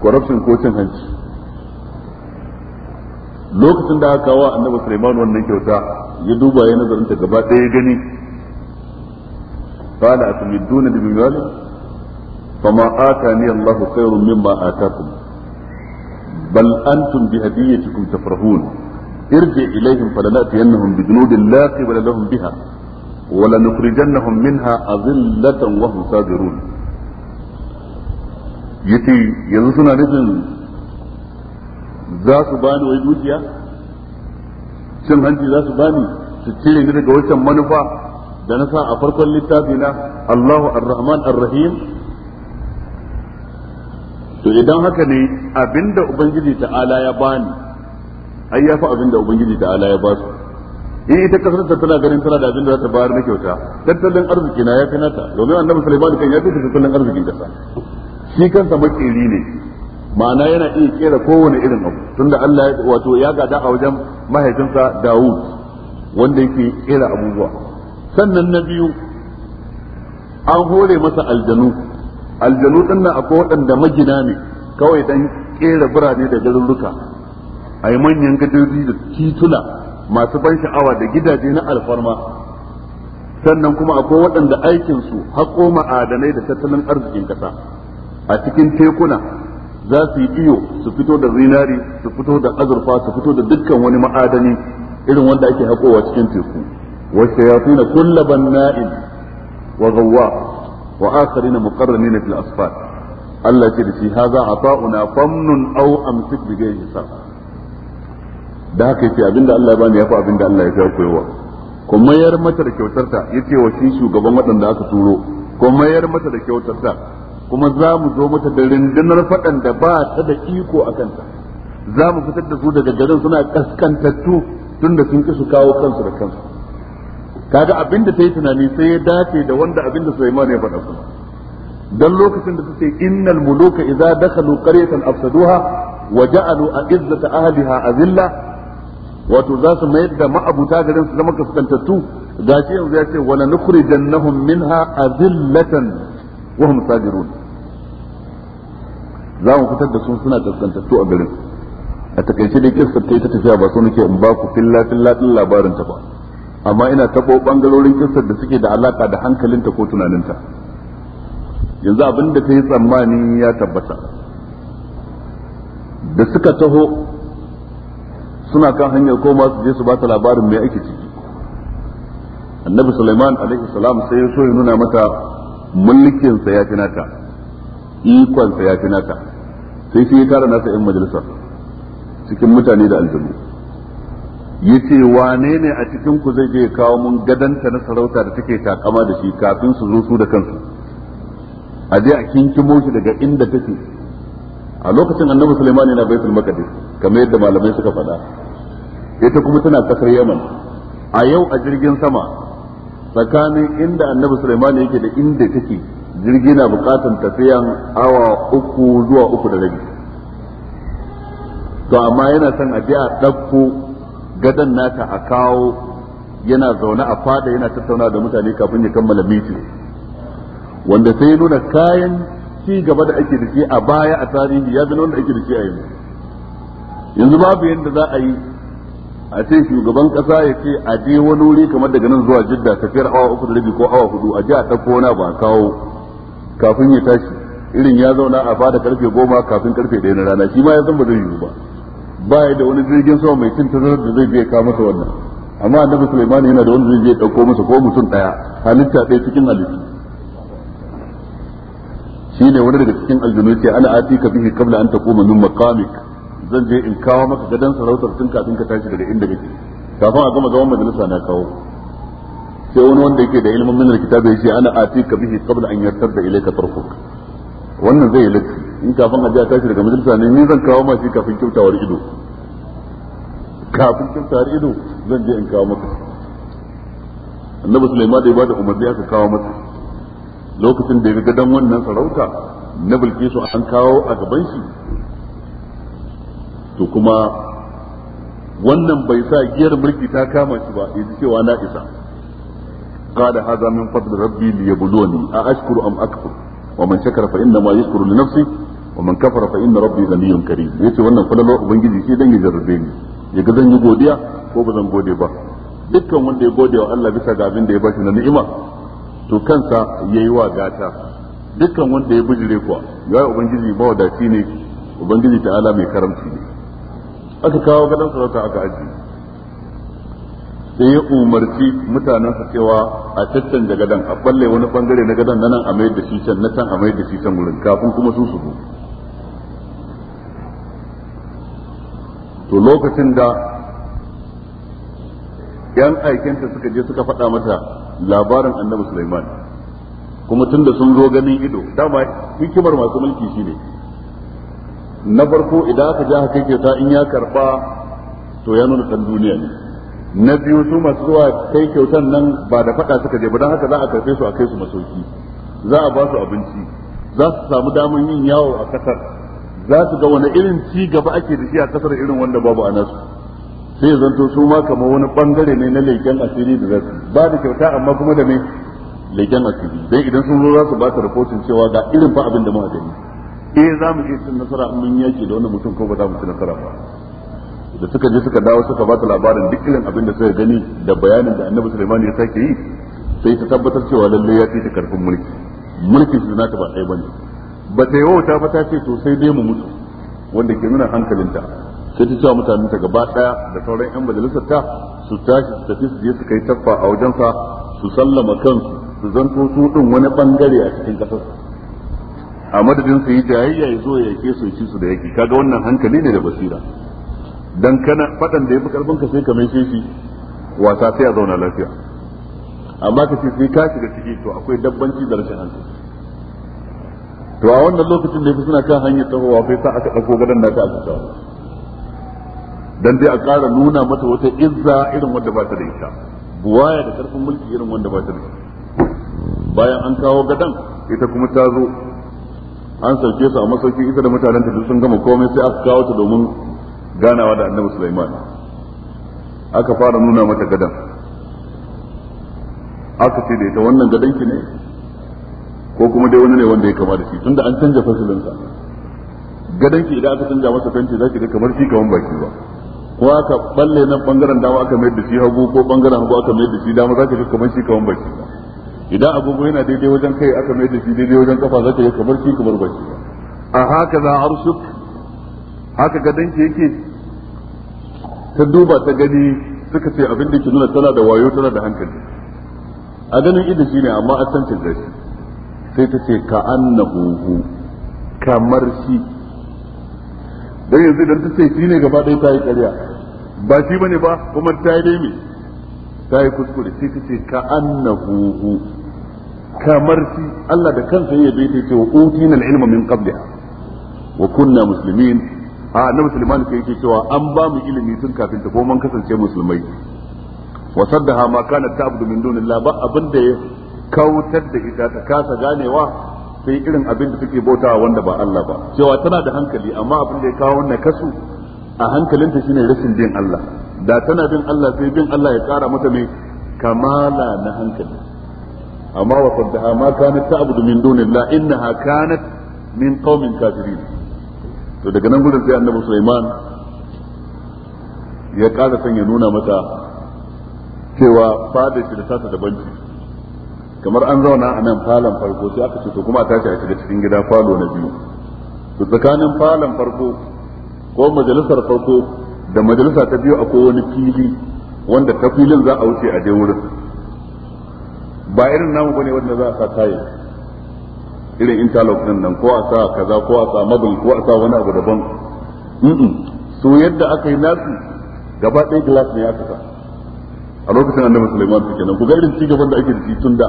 corruption ko cin hanci lokacin da aka kawo annabi Sulaiman wannan kyauta ya duba ya nazarin ta gaba ɗaya gani قال أتمدونني ذلك فما آتاني الله خير مما آتاكم بل أنتم بهديتكم تفرحون ارجع إليهم فلنأتينهم بجنود لا قبل لهم بها ولنخرجنهم منها أذلة وهم صابرون يتي يزوسنا suna ذات za su bani wai dukiya cin hanci za su bani da na sa a farkon littafi na Allahu Ar-Rahman Ar-Rahim to idan haka ne abinda ubangiji ta'ala ya bani ai ya fi abinda ubangiji ta'ala ya ba su in ita kasar ta tana ganin tana da abinda za ta bayar na kyauta tattalin arziki na ya fi nata domin annabi Sulaiman kan ya fi tattalin arzikin kasa shi kansa makeri ne ma'ana yana iya kera kowane irin abu tunda Allah ya wato ya gada a wajen mahaifinsa Dawud wanda yake kera abubuwa sannan na biyu an hore masa aljanu aljanu din nan akwai waɗanda magina ne kawai dan kera birane da garuruka a yi manyan gadoji da titula masu ban sha'awa da gidaje na alfarma sannan kuma akwai waɗanda aikinsu haƙo ma'adanai da tattalin arzikin ƙasa a cikin tekuna za su yi iyo su fito da zinari su fito da azurfa su fito da dukkan wani ma'adani irin wanda ake haƙowa cikin teku والشياطين كل بناء وغواء وآخرين مقرنين في الأصفاد الله تدسي هذا عطاؤنا فمن أو أمسك بغير حساب da haka yace abinda Allah ya bani yafi abinda Allah ya kai koyowa kuma yar mata da kyautarta yace wa shi shugaban waɗanda aka turo kuma yar mata da kyautarta kuma za mu zo mata da rindunar faɗan da ba ta da iko a kanta za mu fitar da su daga garin suna kaskantattu tunda sun ki su kawo kansu da kansu kaga abin da ta yi tunani sai ya dace da wanda abin da Sulaiman ya faɗa kuma dan lokacin da suke innal muluka idza dakhalu qaryatan afsaduha wa ja'alu a'izzata ahliha azilla wato za su mayar da ma'abuta garin su zama kaskantattu gashi yanzu ya ce wala nukhrijannahum minha azillatan wa hum sajirun za mu fitar da su suna kaskantattu a garin a takaice dai kissa ta tafiya ba so nake in ba ku filla filla din labarin ta ba amma ina tabo bangarorin kissar da suke da alaka da hankalinta ko tunaninta yanzu abin da ta yi tsammani ya tabbata da suka taho suna kan hanyar koma su je su ba ta labarin mai ake ciki annabi sulaiman alaihi salam sai ya so ya nuna mata mulkinsa ya fi nata ikonsa ya fi nata sai shi ya tara nasa 'yan majalisar cikin mutane da aljanu yace wane ne a cikin ku zai je kawo mun gadanta na sarauta da take takama da shi kafin su zo su da kansu a je a kinkimo shi daga inda take a lokacin annabi Sulaiman yana baitul maqdis kamar yadda malamai suka faɗa ita kuma tana kasar Yaman a yau a jirgin sama tsakanin inda annabi Sulaiman yake da inda take jirgi na bukatan tafiyan awa uku zuwa uku da rabi to amma yana son a je a ɗauko gadon nata a kawo yana zaune a fada yana tattauna da mutane kafin ya kammala mitin wanda sai nuna kayan ci gaba da ake da a baya a tarihi ya zama wanda ake da a yanzu yanzu babu yadda za a yi a ce shugaban kasa ya ce a je wani wuri kamar daga nan zuwa jidda tafiyar awa uku da rabi ko awa hudu a je a ɗauko wani ba kawo kafin ya tashi irin ya zauna a bada karfe goma kafin karfe ɗaya na rana shi ma ya ba zai yiwu ba ba ya da wani jirgin sama mai cin tazarar da zai je kawo masa wannan amma annabi Sulaiman yana da wani zai je dauko masa ko mutum daya halitta daya cikin halittu shine wani daga cikin aljunu ce ana ati atika bihi qabla an taquma min maqamik zan je in kawo maka gadan sarautar tun kafin ka tashi daga inda kake kafin a gama gaban majalisa na kawo sai wani wanda yake da ilimin min alkitabi yace ana ati atika bihi qabla an yartar yartada ilayka tarfuka wannan zai yi laifi in kafin a ji a tashi daga majalisa ne ni zan kawo mashi kafin kyautawar ido kafin kyautawar ido zan je in kawo masa annabi sulaiman da ya bada umarni aka kawo masa lokacin da ya ga dan wannan sarauta na bilkisu an kawo a gaban shi to kuma wannan bai sa giyar mulki ta kama shi ba yanzu cewa na isa قال هذا min فضل rabbi ليبلوني a أم أكفر wa man فإنما fa inna ma كفر فإن nafsi wa man يتي wannan fadalo ubangiji shi dan ya jarrabe ni ya ga zan yi godiya ko ba zan gode ba dukkan wanda ya gode wa Allah bisa ga abin da ya bashi na ni'ima to kansa yayi wa gata dukkan wanda ya bijire kuwa ya ubangiji ba wadaci ne ubangiji ta'ala mai karamci ne aka kawo gadan sarauta aka ajiye sai ya umarci mutanen sa cewa a caccan da gadan a balle wani bangare na gadan nan a mai da shi can na can a mai da shi can wurin kafin kuma su su to lokacin da yan aikinta suka je suka faɗa mata labarin annabi Sulaiman kuma tunda sun zo ganin ido dama hikimar masu mulki shi ne, na farko idan aka ja haka ta in ya karba to ya nuna ɗan duniya ne na biyu su masu zuwa kai kyautan nan ba da faɗa suka je ba don haka za a karfe su a kai su masauki za a ba su abinci za su samu daman yin yawo a ƙasar za su ga wani irin ci gaba ake da shi a ƙasar irin wanda babu a nasu sai zanto su ma kamar wani bangare ne na leƙen asiri da za su ba da kyauta amma kuma da mai leƙen asiri dan idan sun zo za su ba ta rahoton cewa ga irin fa abin da muka gani eh za mu iya cin nasara in mun yaki da wannan mutum ko ba za mu ci nasara ba da suka je suka dawo suka bata ta labarin duk irin abin da suka gani da bayanin da annabi Sulaiman ya sake yi sai ta tabbatar cewa lalle ya fi ta karfin mulki mulki su nata ba ɗaya bane ba ta yawo ta fata ce to sai dai mu mutu wanda ke nuna hankalinta sai ta cewa mutanen ta gaba ɗaya da sauran yan majalisar ta su tashi su tafi su je su kai taffa a wajensa su sallama kansu su zanto su din wani bangare a cikin kasar a madadin su yi jayayya ya zo ya yake su su da yake kaga wannan hankali ne da basira dan kana fadan da yafi karfin ka sai ka mai shi wasa sai a zauna lafiya amma ka ce sai ka shiga ciki to akwai dabbanci da rashin hankali to a wannan lokacin da yafi suna kan hanyar tsawowa sai sa aka dauko gadan naka aka kawo dan dai a ƙara nuna mata wata izza irin wanda ba ta da ita buwaya da karfin mulki irin wanda ba ta da ita bayan an kawo gadan ita kuma ta zo an sauke su a masauki ita da mutanen ta sun gama komai sai aka kawo ta domin ganawa da annabi Sulaiman aka fara nuna mata gadan aka ce da ita wannan gadan ki ne ko kuma dai wani ne wanda ya kama da shi tunda an canja fasalin sa gadan ki idan aka canja masa fenti zaki ga kamar shi kamar baki ba ko aka balle nan bangaren dama aka mayar da shi hagu ko bangaren hagu aka mayar da shi dama zaki ga kamar shi kamar baki ba idan agogo yana daidai wajen kai aka mayar da shi daidai wajen kafa zaki ga kamar shi kamar baki ba a haka za arshuk haka gadan ki yake ta duba ta gani suka ce abin da ke nuna tana da wayo tana da hankali a ganin ido shine amma a can ta sai ta ce ka huhu. kamar shi don yanzu idan ta ce shi ne gaba ɗaya ta yi ƙarya ba shi ne ba kuma ta yi dai me ta yi kuskure sai ta ce ka huhu. kamar shi Allah da kansa ya bai ta ce wa utina ilmamin ilma min qabliha wa kunna musulmin a na musulman sai yake cewa an ba mu ilimi tun kafin ta ko kasance musulmai wa saddaha ma ta ta'budu min dunillah ba abin da ya kautar da ita ta kasa ganewa sai irin abin da take bautawa wanda ba Allah ba cewa tana da hankali amma abin da ya kawo kasu a hankalinta shine rashin bin Allah da tana bin Allah sai bin Allah ya kara mata mai kamala na hankali amma wa qaddaha ma kanat ta'budu min dunillah innaha kanat min qaumin kafirin to daga nan gudun sai annabi Sulaiman ya ƙara son ya nuna mata cewa fada shi da tasa da banci kamar an zauna a nan falon farko sai aka ce to kuma a tashi a shiga cikin gida falo na biyu to tsakanin falon farko ko majalisar farko da majalisa ta biyu akwai wani fili wanda ta filin za a wuce a je wurin ba irin namu bane wanda za a sa kayan irin interlock din nan ko a sa kaza ko a sa mabul ko a sa wani abu daban su yadda aka yi nasu gaba ɗaya glass ne aka sa a lokacin annabi Sulaiman take nan ku ga irin cigaban da ake da shi tun da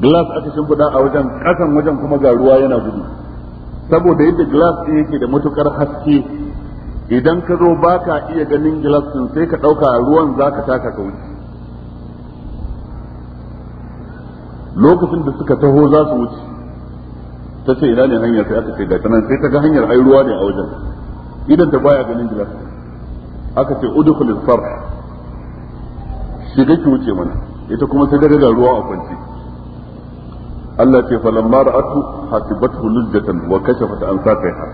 glass aka shimfiɗa a wajen ƙasan wajen kuma ga ruwa yana gudu saboda yadda glass ɗin yake da matukar haske idan ka zo baka iya ganin glass ɗin sai ka ɗauka ruwan za ka taka ka wuce lokacin da suka taho za su wuce ta ce ina ne hanyar sai aka ce ga tanan sai ta ga hanyar ai ruwa ne a wajen idan ta baya ganin jira aka ce udkhul sar shiga ki wuce mana ita kuma sai daga ruwa a kwance Allah ce falamma ra'atu hasibatu lujjatan wa kashafat an saqiha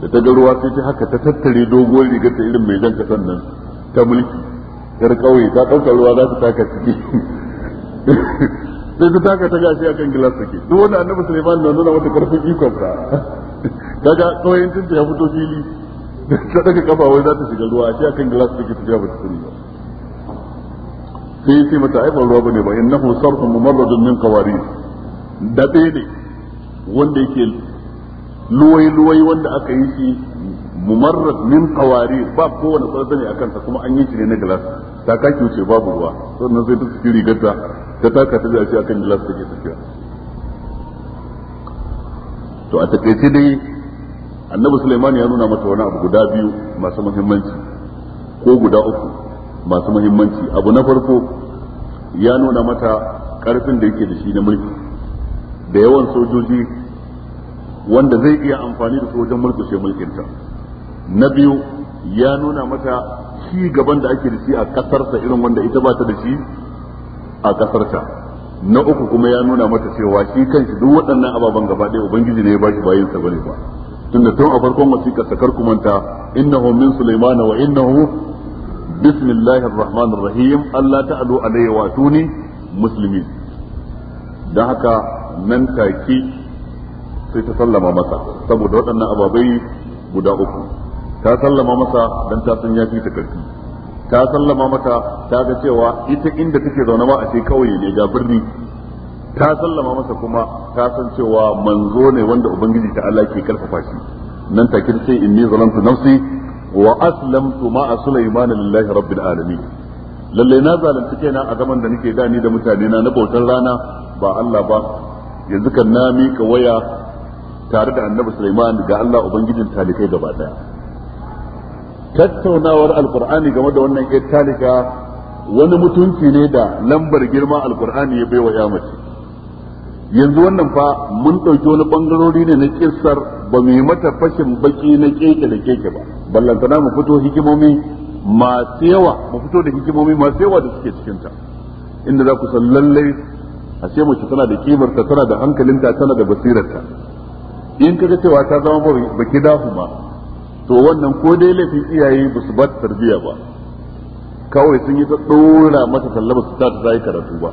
da ta ga ruwa sai ta haka ta tattare dogon rigar ta irin mai jan kasan ta mulki yar kauye ta dauka ruwa za ta taka ciki sai ku taka ta gashi kan gilas take duk wanda annabi Sulaiman na nuna wata karfin ikon ka daga kawai tinta ya fito fili [laughs] ta daga kafa wai za ta shiga ruwa a akan gilas take tafiya ba ta sani ba sai yace mata ai ban ruwa bane ba innahu sarfun mumarradun min qawari da ne wanda yake luwai luwai wanda aka yi shi mumarrad min qawari ba kowane tsarda ne akan sa kuma an yi shi ne na gilas ta kaki wuce babu ruwa sannan sai ta saki rigarta ta taka ta a kan akan lafi take tafiya to a takaice dai annabi Suleiman ya nuna mata wani abu guda biyu masu muhimmanci ko guda uku masu muhimmanci abu na farko ya nuna mata karfin da yake da shi na mulki da yawan sojoji wanda zai iya amfani da su wajen sai mulkinta na biyu ya nuna mata ci gaban da ake da shi a kasarsa irin wanda ita ba ta da shi a ƙasarta na uku kuma ya nuna mata cewa shi kanshi duk waɗannan ababen gaba ɗaya ubangiji ne ya bashi bayin sa bane ba tunda tun a farkon wasiƙa sakar kumanta innahu min sulaiman wa innahu bismillahi rahmanir rahim Allah ta'alu alayhi wa tuni muslimin dan haka nan take sai ta sallama masa saboda waɗannan ababai guda uku ta sallama masa dan ta san ya fi ta karfi ta sallama mata ta ga cewa ita inda take zaune ma a ce kauye ne ga birni ta sallama masa kuma ta san cewa manzo ne wanda ubangiji ta Allah ke karfafa shi nan take ce inni zalamtu nafsi wa aslamtu ma sulaiman lillahi rabbil alamin lalle na zalunci kaina a zaman da nake da ni da mutane na na bautar rana ba Allah ba yanzu kan na mika waya tare da annabi Sulaiman ga Allah ubangijin talikai gaba daya tattaunawar alkur'ani game da wannan talika wani mutunci ne da lambar girma alkur'ani ya baiwa ya mace yanzu wannan fa mun ɗauki wani ɓangarori ne na ƙirsar ba mu yi mata fashin baki na keke da keke ba ballantana mu fito hikimomi masu yawa mu fito da hikimomi masu yawa da suke cikinta inda za ku san lallai a ce mace tana da kimarta tana da hankalinta tana da basirarta in kaga cewa ta zama ba ki dahu ma to wannan ko dai laifin iyaye ba su ba ta ba kawai sun yi ta ɗora mata sallama su ta ta yi karatu ba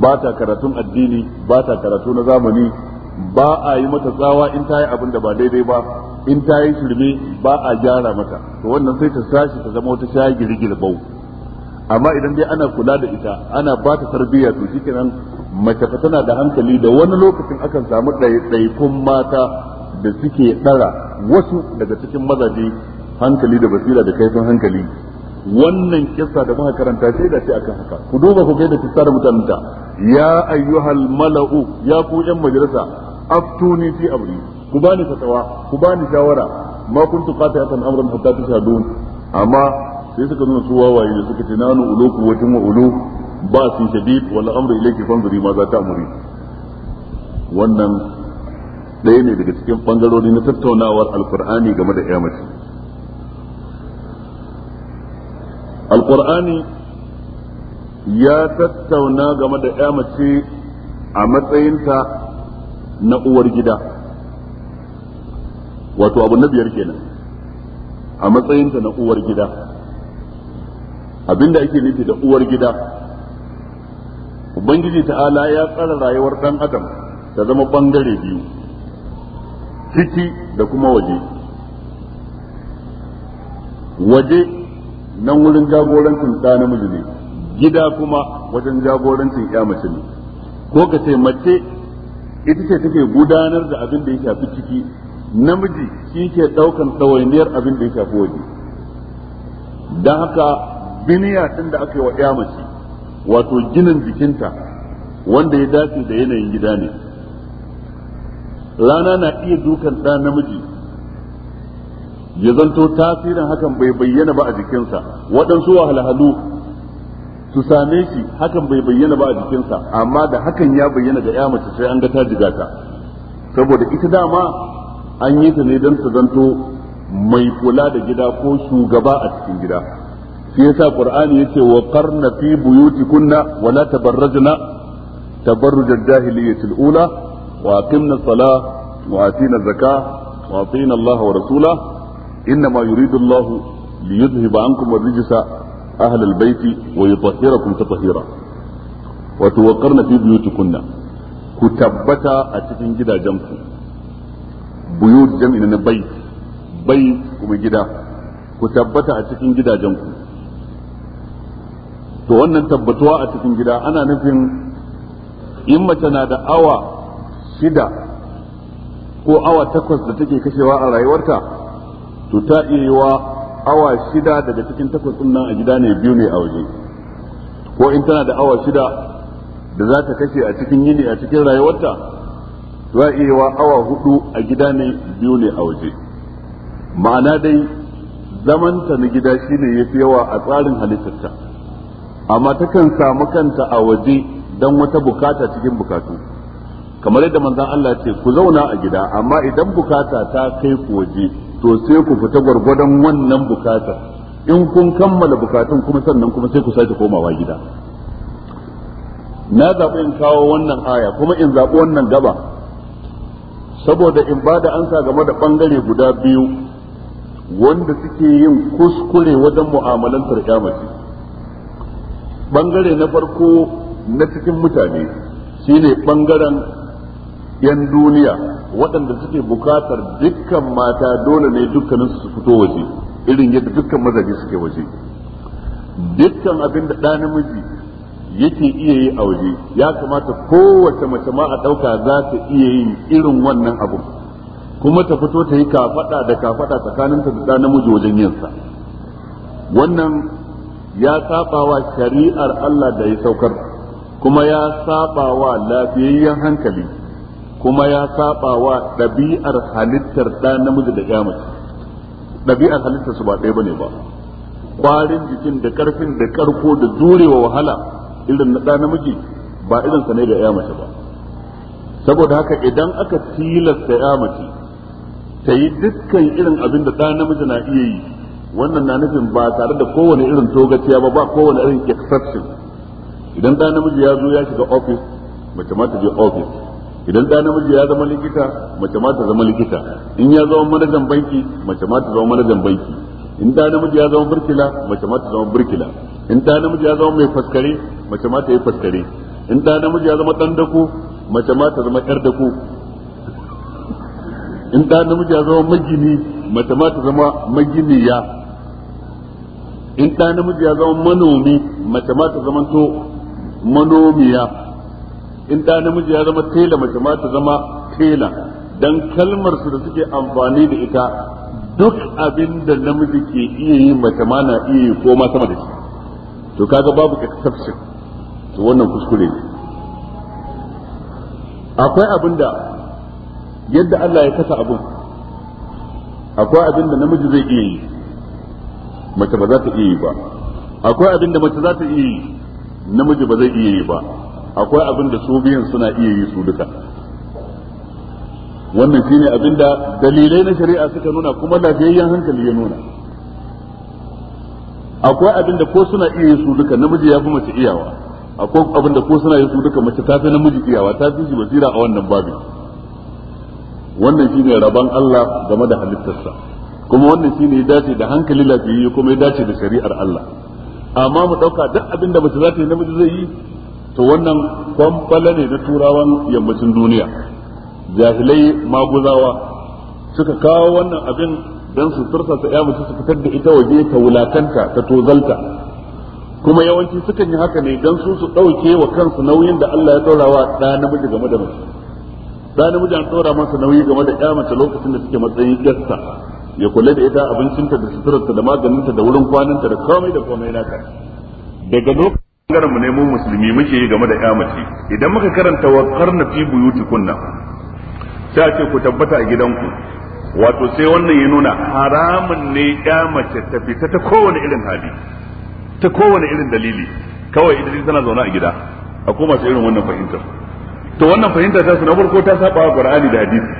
ba ta karatun addini ba ta karatu na zamani ba a yi mata tsawa in ta yi abin da ba daidai ba in ta yi shirme ba a gyara mata to wannan sai ta sashi ta zama wata shaya girgirbau amma idan dai ana kula da ita ana ba ta tarbiyya to shikenan mace tana da hankali da wani lokacin akan samu ɗaiɗaikun mata da suke ɗara wasu daga cikin mazaje hankali da basira da kaifin hankali wannan kissa da muka karanta sai da ce akan haka ku duba ku kai da kissa da mutanenta ya ayyuhal mala'u ya ku yan majalisa aftuni fi amri ku bani fatawa ku bani shawara ma kuntu qati'atan amran hatta tashhadun amma sai suka nuna su wawaye da suka ce nanu ulu kuwatin wa ulu ba su shadid wal amru ilayki fanzuri ma za ta amuri wannan ɗaya ne daga cikin ɓangarori na tattaunawar alkur'ani game da ya alkur'ani ya tattauna game da yamaci mace a matsayinta na uwar gida wato abu na biyar kenan a matsayinta na uwar gida abinda ake nufi da uwar gida ubangiji ta'ala ya tsara rayuwar dan adam ta zama bangare biyu ciki da kuma waje waje nan wurin jagorancin ɗa namiji ne gida kuma wajen jagorancin ya mace ne ko ka ce mace ita ce take gudanar da abin da ya shafi ciki namiji shi ke ɗaukan ɗawainiyar abin da ya shafi waje don haka biniya ɗin da aka yi wa ya mace wato ginin jikinta wanda ya dace da yanayin gida ne rana na iya dukan ɗa namiji ya zanto tasirin hakan bai bayyana ba a jikinsa waɗansu wahalhalu su same shi hakan bai bayyana ba a jikinsa amma da hakan ya bayyana ga ya mace sai an ga ta jiga ta saboda ita dama an yi ta ne don ta zanto mai kula da gida ko shugaba a cikin gida shi yasa qur'ani yace wa qarna fi buyutikunna wa la tabarrajna tabarruj al-jahiliyyah al-ula وأقمنا الصلاة وآتينا الزكاة وأطينا الله ورسوله إنما يريد الله ليذهب عنكم الرجس أهل البيت ويطهركم تطهيرا وتوقرن في بيوتكن كتبتا أتكن جدا جنكم بيوت جمعنا بيت بيت كما جدا كتبتا أتكن جدا جنكم to wannan tabbatuwa a cikin gida ana nufin in mace na da awa shida ko awa takwas da take kashewa a rayuwarta to ta iya awa shida daga cikin takwas ɗin nan a gida ne biyu ne a waje ko in tana da awa shida da za ta kashe a cikin yini a cikin rayuwarta to ya iya yiwa awa hudu a gida ne biyu ne a waje ma'ana dai zamanta na gida shine fi yawa a tsarin halittarta amma takan samu kanta a waje don wata bukata cikin bukatu kamar yadda manzon Allah ce ku zauna a gida amma idan bukata ta kai ku waje to sai ku fita gwargwadon wannan bukata in kun kammala bukatun kuma sannan kuma sai ku sake komawa gida na zaɓi in kawo wannan aya kuma in zaɓi wannan gaba saboda in ba da ansa game da ɓangare guda biyu wanda suke yin kuskure wajen mu'amalantar kyamaci ɓangare na farko na cikin mutane shine ɓangaren yan duniya waɗanda suke buƙatar dukkan mata dole ne dukkanin su fito waje irin yadda dukkan mazaje suke waje dukkan abin da ɗa namiji yake iya yi a waje ya kamata kowace mace ma a ɗauka za ta iya yin irin wannan abu kuma ta fito ta yi kafaɗa da kafaɗa tsakaninta da ɗa namiji wajen yinsa wannan ya saɓawa shari'ar Allah da ya saukar kuma ya saɓawa lafiyayyen hankali kuma ya saba wa ɗabi'ar halittar ɗa namiji da ya mace ɗabi'ar halittar su ba ɗaya bane ba kwarin jikin da ƙarfin da ƙarko da jurewa wahala irin na ɗa namiji ba irin sa ne da ya mace ba saboda haka idan aka tilasta ya mace ta yi dukkan irin abin da ɗa namiji na iya yi wannan na nufin ba tare da kowane irin togaciya ba ba kowane irin exception idan ɗa namiji ya zo ya shiga office mace ma ta je office idan da namiji ya zama likita mace ma ta zama likita in ya zama manajan banki mace ma ta zama manajan banki in da namiji ya zama burkila mace ma ta zama burkila in da namiji ya zama mai faskare mace ma ta yi faskare in da namiji ya zama dan dako mace ma ta zama yar dako in da namiji ya zama magini mace ma ta zama maginiya in da namiji ya zama manomi mace ma ta zama to manomiya in da namiji ya zama tela mace ma ta zama tela dan kalmar su da suke amfani da ita duk abin da namiji ke iya yi mace ma na iya yi ko ma sama da shi to kaga babu exception to wannan kuskure ne akwai abin da yadda Allah ya kasa abin akwai abin da namiji zai iya yi mace ba za ta iya yi ba akwai abin da mace za ta iya yi namiji ba zai iya yi ba akwai abin da su biyan suna iya yi su duka wannan shine abin da dalilai na shari'a suka nuna kuma lafiyayyen hankali ya nuna akwai abin da ko suna iya yi su duka namiji ya fi mace iyawa akwai abin da ko suna yi su duka mace ta fi namiji iyawa ta fi basira a wannan babi wannan shine rabon Allah game da halittarsa kuma wannan shine ya dace da hankali lafiyayye kuma ya dace da shari'ar Allah amma mu dauka duk abin da mace za ta yi namiji zai yi to wannan kwamfala ne na turawan yammacin duniya jahilai maguzawa suka kawo wannan abin don su tursasa ya su fitar da ita waje ta wulakanta ta tozalta kuma yawanci sukan yi haka ne don su su ɗauke wa kansu nauyin da Allah ya ɗora wa ɗa namiji game da mace ɗa namiji an ɗora masa nauyi game da ya mace lokacin da suke matsayin yasta, ya kula da ita abincinta da suturarta da maganinta da wurin kwananta da komai da komai naka daga lokacin bangaren mu ne mu musulmi muke yi game da ya mace idan muka karanta wa karna fi buyutikunna sai a ce ku tabbata a gidanku wato sai wannan ya nuna haramun ne ya mace ta fita ta kowane irin hali ta kowane irin dalili kawai idan tana zaune a gida a koma su irin wannan fahimtar to wannan fahimtar ta su na farko ta saba wa qur'ani da hadisi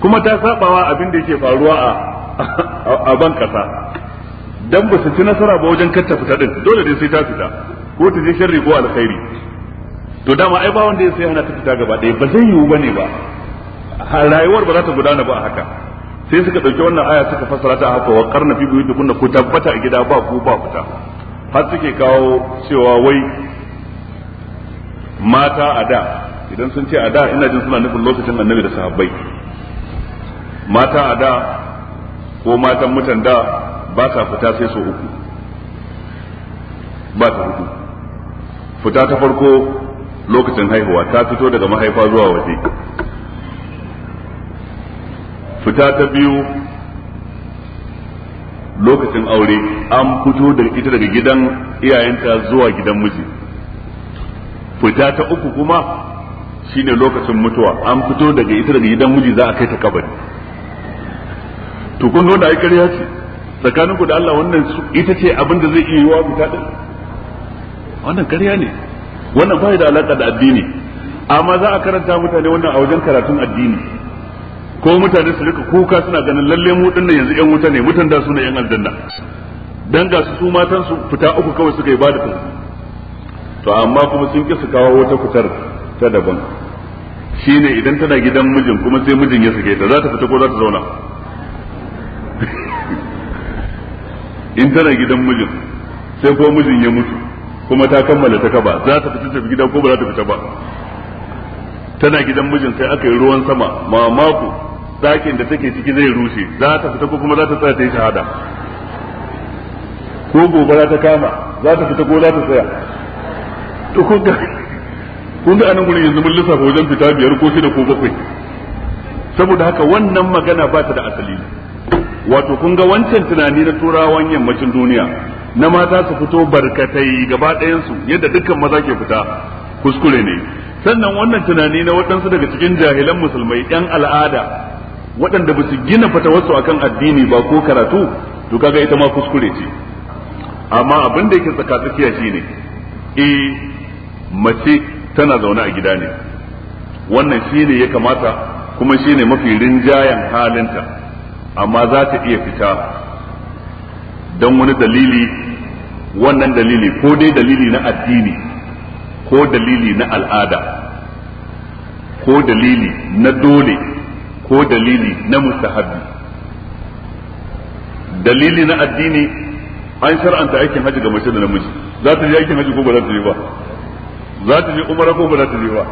kuma ta saba wa abin da yake faruwa a a ban dan ba su ci nasara ba wajen katta fita din dole dai sai ta fita ko ta je sharri ko alkhairi to dama ai ba wanda ya sai hana ta fita gaba ɗaya ba zai yiwu bane ba rayuwar ba za ta gudana ba a haka sai suka ɗauki wannan aya suka fassara ta haka wa karna fi buyuti kunna ku tabbata a gida ba ku ba fita har suke kawo cewa wai mata a da idan sun ce a da ina jin suna nufin lokacin annabi da sahabbai mata a da ko matan mutan da ba sa fita sai su uku ba ta hudu fita ta farko lokacin haihuwa ta fito daga mahaifa zuwa waje fita ta biyu lokacin aure an fito da ita daga gidan iyayenta zuwa gidan miji fita ta uku kuma shine lokacin mutuwa an fito daga ita daga gidan miji za a kai ta kabari to kun da ai ƙarya ce tsakanin ku da Allah wannan ita ce abin da zai iya yiwa fita din wannan karya ne wannan bai da alaka da addini amma za a karanta mutane wannan a wajen karatun addini ko mutane su rika kuka suna ganin lalle mu dinnan yanzu yan wuta ne mutan da su ne yan aljanna dan ga su matan su fita uku kawai suka yi bada kansu to amma kuma sun ki su kawo wata fitar ta daban shine idan tana gidan mijin kuma sai mijin ya sake ta za ta fita ko za ta zauna [laughs] in tana gidan mijin sai ko mijin ya mutu kuma ta kammala ta kaba za ta fita tafi gida ko ba za ta fita ba tana gidan mijin sai aka yi ruwan sama mamaku ɗakin da take ciki zai rushe za ta fita ko kuma za ta tsaya ta yi shahada ko gobara ta kama za ta fita ko za ta tsaya to kun ga kun ga anan gurin yanzu mun lissafa wajen fita biyar ko shida ko bakwai saboda haka wannan magana ba ta da asali wato kun ga wancan tunani na turawan yammacin duniya na mata su fito barkatai gaba ɗayansu yadda dukkan maza ke fita kuskure ne sannan wannan tunani na waɗansu daga cikin jahilan musulmai 'yan al'ada waɗanda ba su gina fatawarsu akan addini ba ko karatu to kaga ita ma kuskure ce amma abin da yake tsakatsakiya shine e mace tana zaune a gida ne wannan shine ya kamata kuma shine mafi rinjayen halinta amma za ta iya fita don wani dalili wannan dalili ko dai dalili na addini ko dalili na al'ada ko dalili na dole ko dalili na mustahabi dalili na addini an shar'anta aikin haji ga mace da namiji za ta je aikin haji ko ba za ta je ba za ta je umara ko ba za ta je ba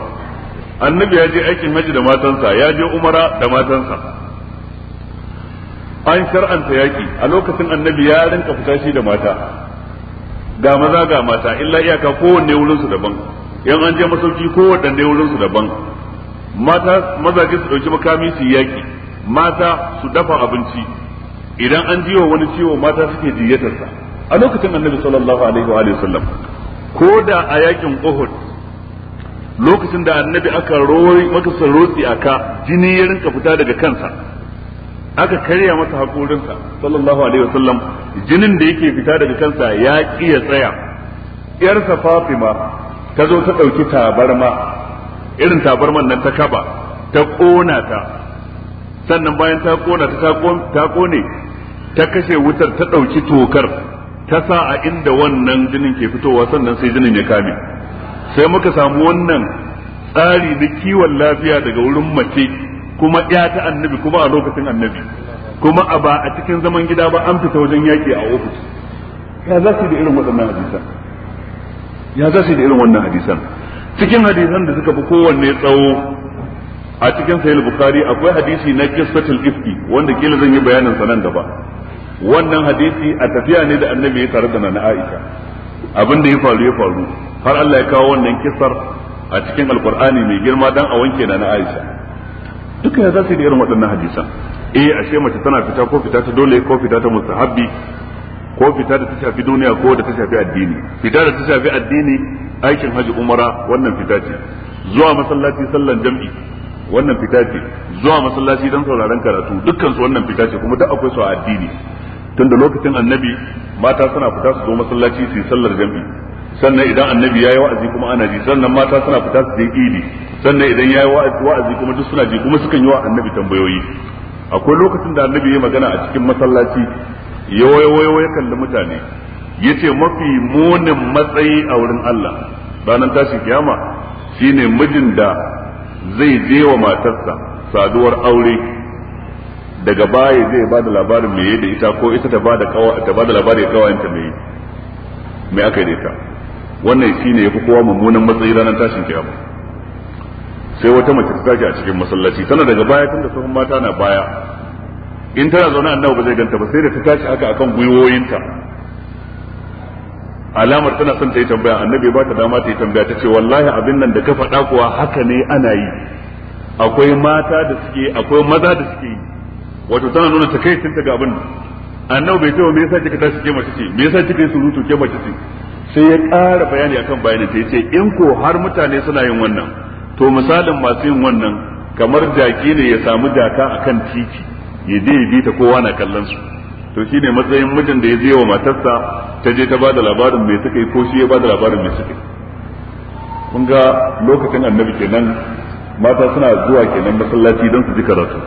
annabi ya je aikin haji da matansa ya je umara da matansa an shar'anta yaki a lokacin annabi ya rinka fita shi da mata ga maza ga mata illa iyaka kowanne wurin su daban yan an je masauki kowanne wurin su daban mata mazaje su dauki makami su yaki mata su dafa abinci idan an jiwa wani ciwo mata suke sa a lokacin annabi sallallahu alaihi wa alihi sallam ko da a yakin uhud lokacin da annabi aka roi maka sarrotsi aka jini ya rinka fita daga kansa aka karya masa haƙorinsa sallallahu alaihi wasallam jinin da yake fita daga kansa ya ƙi ya tsaya ƴarsa Fatima ta zo ta ɗauki tabarma irin tabarman nan ta kaba ta ƙona ta sannan bayan ta ƙona ta ta ƙone ta kashe wutar ta ɗauki tokar ta sa a inda wannan jinin ke fitowa sannan sai jinin ya kame sai muka samu wannan tsari na kiwon lafiya daga wurin mace kuma ya ta annabi kuma a lokacin annabi kuma a ba a cikin zaman gida ba an fita wajen yaki a ofis ya za su da irin waɗannan hadisan ya za su da irin wannan hadisan cikin hadisan da suka fi kowanne tsawo a cikin sahih bukhari akwai hadisi na qissatul ifki wanda kila zan yi bayanin sanan da ba wannan hadisi a tafiya ne da annabi ya tare da na Aisha abin da ya faru ya faru har Allah ya kawo wannan kisar a cikin alqur'ani mai girma dan a wanke na Aisha duka ya za su yi da irin waɗannan hadisan eh ashe mace tana fita ko fita ta dole ko fita ta mustahabbi ko fita da ta shafi duniya ko da ta shafi addini fita da ta shafi addini aikin haji umara wannan fita ce zuwa masallaci sallan jam'i wannan fita ce zuwa masallaci dan sauraron karatu dukkan su wannan fita ce kuma duk akwai su a addini tunda lokacin annabi mata suna fita su zo masallaci su yi sallar jam'i sannan idan annabi ya yi wa'azi kuma ana ji sannan mata suna fita su je idi sannan idan ya yi wa'azi kuma duk suna ji kuma sukan yi wa annabi tambayoyi akwai lokacin da annabi ya magana a cikin masallaci ya wayo kalli mutane ya ce mafi munin matsayi a wurin Allah ranar Tashi kiyama shine mijin da zai je wa matarsa saduwar aure daga baya zai ba da labarin me da ita ko ita ta ba da ta ba da labarin kawayenta me me aka yi da ita wannan shi ne ya fi kowa mummunan matsayi ranar tashin kiyama sai wata mace ta tashi a cikin masallaci tana daga baya tunda tsohon mata na baya in tana zaune annabi ba zai ganta ba sai da ta tashi haka akan gwiwoyinta alamar tana son ta yi tambaya annabi ba ta dama ta yi tambaya ta ce wallahi abin nan da ka faɗa kuwa haka ne ana yi akwai mata da suke akwai maza da suke yi wato tana nuna ta kai ta ga abin annabi bai ce wa me yasa kika tashi ke mace ce me yasa kika yi surutu ke mace ce sai ya ƙara bayani akan bayanin ta yace in ko har mutane suna yin wannan to misalin masu yin wannan kamar jaki ne ya samu jaka akan titi ya je ya bita kowa na kallon su to shine matsayin mijin da ya je wa matarsa ta je ta bada labarin mai suka yi ko shi ya bada labarin mai suka yi kun ga lokacin annabi kenan mata suna zuwa kenan masallaci don su ji karatu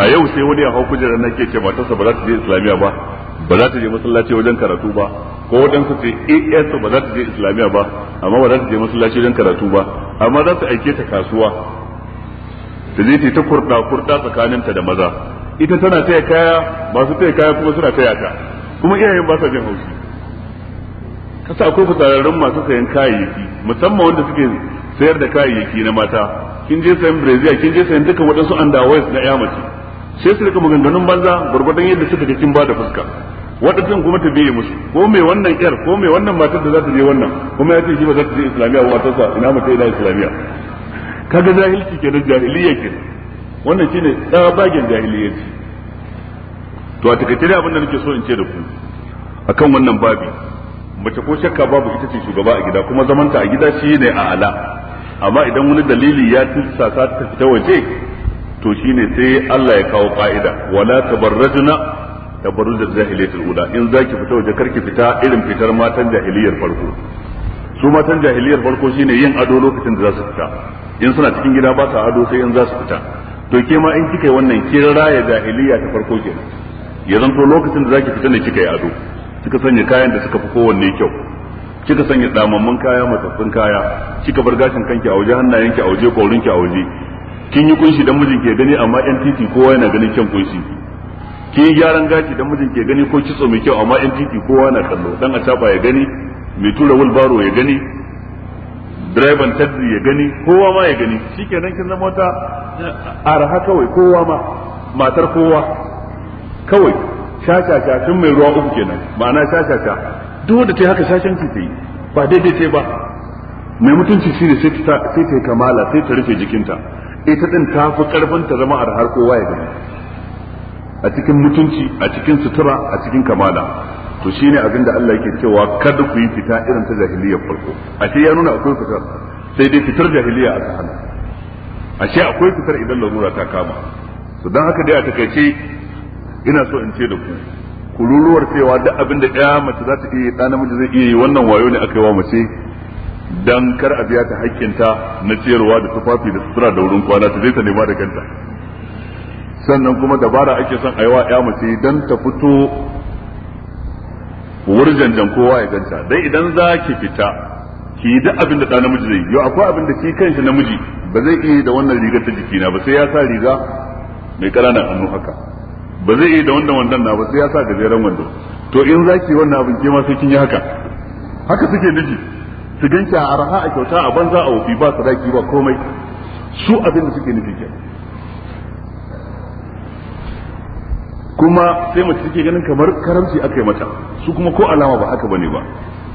a yau sai wani ya hau kujerar nake ce matarsa ba za ta je islamiyya ba ba za ta je masallaci wajen karatu ba ko wajen su ce eh, as ba za ta je islamiyya ba amma ba za ta je masallaci wajen karatu ba amma za ta aike ta kasuwa ta je ta kurɗa kurɗa tsakaninta da maza ita tana taya kaya masu taya kaya kuma suna taya ta kuma iyayen ba sa jin haushi kasa akwai fitararrun masu sayan kayayyaki musamman wanda suke sayar da kayayyaki na mata kin je sayan brazil kin je sayan dukkan waɗansu andawais na yamaci sai su rika maganganun banza gurgurdan yadda suka cikin ba da fuska waɗannan kuma ta biye musu ko mai wannan yar ko mai wannan matar da za ta je wannan kuma ya ce shi ba za ta je islamiyya ba matarsa ina mace ina islamiyya kaga jahilci kenan jahiliyya kenan wannan shine tsabagen jahiliyya ce to a takaice abin da nake so in ce da ku akan wannan babi mace ko shakka babu ita ce shugaba a gida kuma zamanta a gida shi ne a ala amma idan wani dalili ya tilsa ta fita waje to shine sai Allah ya kawo fa'ida wala tabarrajna da jahiliyatul ula in zaki fita waje karki fita irin fitar matan jahiliyar farko su matan jahiliyar farko shine yin ado lokacin da za su fita in suna cikin gida ba ta ado sai in za su fita to ke ma in kika yi wannan kira ya jahiliya ta farko kenan ya zanto lokacin da zaki fita ne kika yi ado kika sanya kayan da suka fi kowanne kyau kika sanya damammun kaya matattun kaya kika bar gashin kanki a waje hannayenki a waje korinki a waje kin yi kunshi dan mijin ke gani amma yan titi kowa yana ganin kyan kunshi ki yi gyaran gashi dan mijin ke gani ko kitso mai kyau amma yan titi kowa na kallo dan a taba ya gani mai tura wulbaro ya gani direban taxi ya gani kowa ma ya gani shikenan kin zama ta arha kawai kowa ma matar kowa kawai shashasha tun mai ruwa uku kenan ma'ana shashasha duk wanda ta yi haka shashanci ta yi ba daidai ce ba mai mutunci ne sai ta kamala sai ta rufe jikinta ita din ta fi karfin ta zama arhar kowa ya gani a cikin mutunci a cikin sutura a cikin kamala to shine abin da Allah yake cewa kada ku yi fita irin ta jahiliyyar farko ashe ya nuna akwai fitar sai dai fitar jahiliya a kan ashe akwai fitar idan larura ta kama to dan haka dai a takaice ina so in ce da ku kururuwar cewa duk abin da ɗaya mace za ta iya ɗa namiji zai iya yi wannan wayo ne aka yi wa mace dan kar a biya ta hakkinta na ciyarwa da tufafi da sutura da wurin kwana ta zai ta nema da kanta sannan kuma dabara ake son aiwa ya mace dan ta fito wurjan dan kowa ya ganta dai idan za ki fita ki yi duk abin da ɗa namiji zai yau akwai abin da ki kanshi namiji ba zai iya da wannan rigar ta jikina ba sai ya sa riga mai ƙananan hannu haka ba zai iya da wannan wandon na ba sai ya sa gajeren wando to in za ki wannan abin ke ma sai kin yi haka haka suke nufi su ganki a raha a kyauta a banza a wofi ba sadaki ba komai su abin da suke nufi ke kuma sai mace suke ganin kamar karamci aka yi mata su kuma ko alama ba haka bane ba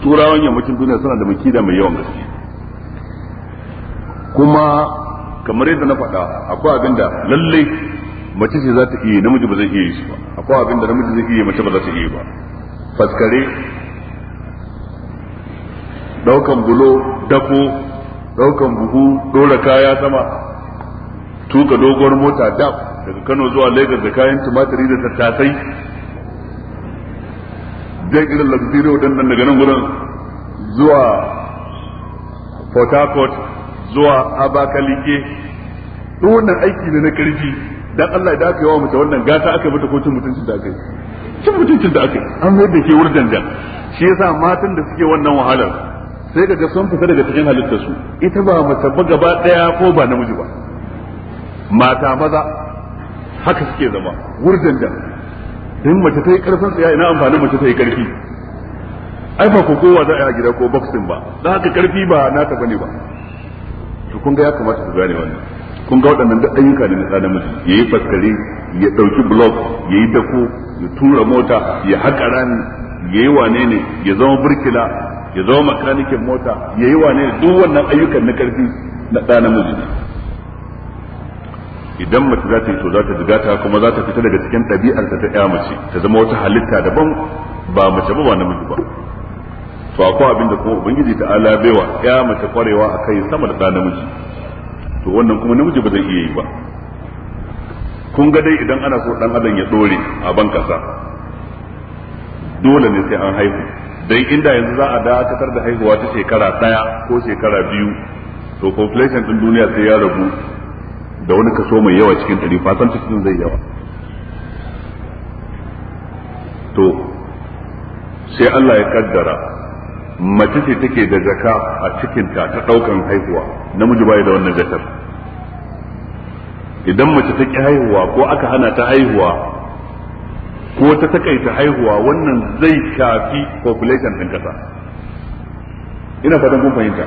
turawan yammacin duniya suna da makida mai yawan gaske kuma kamar yadda na faɗa akwai abin da lalle mace ce za ta iya namiji ba zai iya yi su ba akwai abin da namiji zai iya mace ba za ta iya ba faskare daukan bulo dako daukan buhu dora kaya sama tuka doguwar mota dab daga Kano zuwa Lagos da kayan tumatiri da tattasai zai irin luxury waɗannan daga nan gurin zuwa Port Harcourt zuwa Abakalike duk wannan aiki ne na karfi dan Allah da aka yi wa mutum wannan gata aka yi mata ko cin mutuncin da aka yi cin mutuncin da aka yi an mai da ke wurjan jan shi yasa matan da suke wannan wahalar sai ga sun fita daga cikin halitta su ita ba mace ba gaba daya ko ba namiji ba mata maza haka suke zama wurdan da din mace ta yi karfin tsaya ina amfani mace ta yi karfi ai ba ko kowa za a yi a gida ko boxing ba don haka karfi ba nata bane ba to kun ga ya kamata ku gane wannan kun ga waɗannan duk ayyuka ne na tsada miji ya yi faskare ya ɗauki bulok, ya yi dako ya tura mota ya haƙa rani ya yi wane ne ya zama burkila ya zo makanikin mota ya yi wane duk wannan ayyukan na karfi na ɗa namiji ne idan mace za ta yi to za ta jiga ta kuma za ta fita daga cikin ɗabi'ar ta ta ɗaya mace ta zama wata halitta daban ba mace ba ba namiji ba to akwai abin da kuma ubangiji ta ala baiwa ya mace kwarewa a kai sama da ɗa namiji to wannan kuma namiji ba zai iya yi ba kun ga dai idan ana so ɗan adam ya ɗore a ban kasa dole ne sai an haihu dai inda yanzu za a dakatar da haihuwa ta shekara ɗaya ko shekara biyu to population din duniya sai ya rabu da wani kaso mai yawa cikin ɗari fatan cikin zai yawa to sai Allah ya kaddara mace ce take da zaka a cikinta ta ɗaukan haihuwa namiji baya da wannan zakar idan mace ta ki haihuwa ko aka hana ta haihuwa ko ta takaita haihuwa wannan zai shafi population din kasa. ina fatan kun fahimta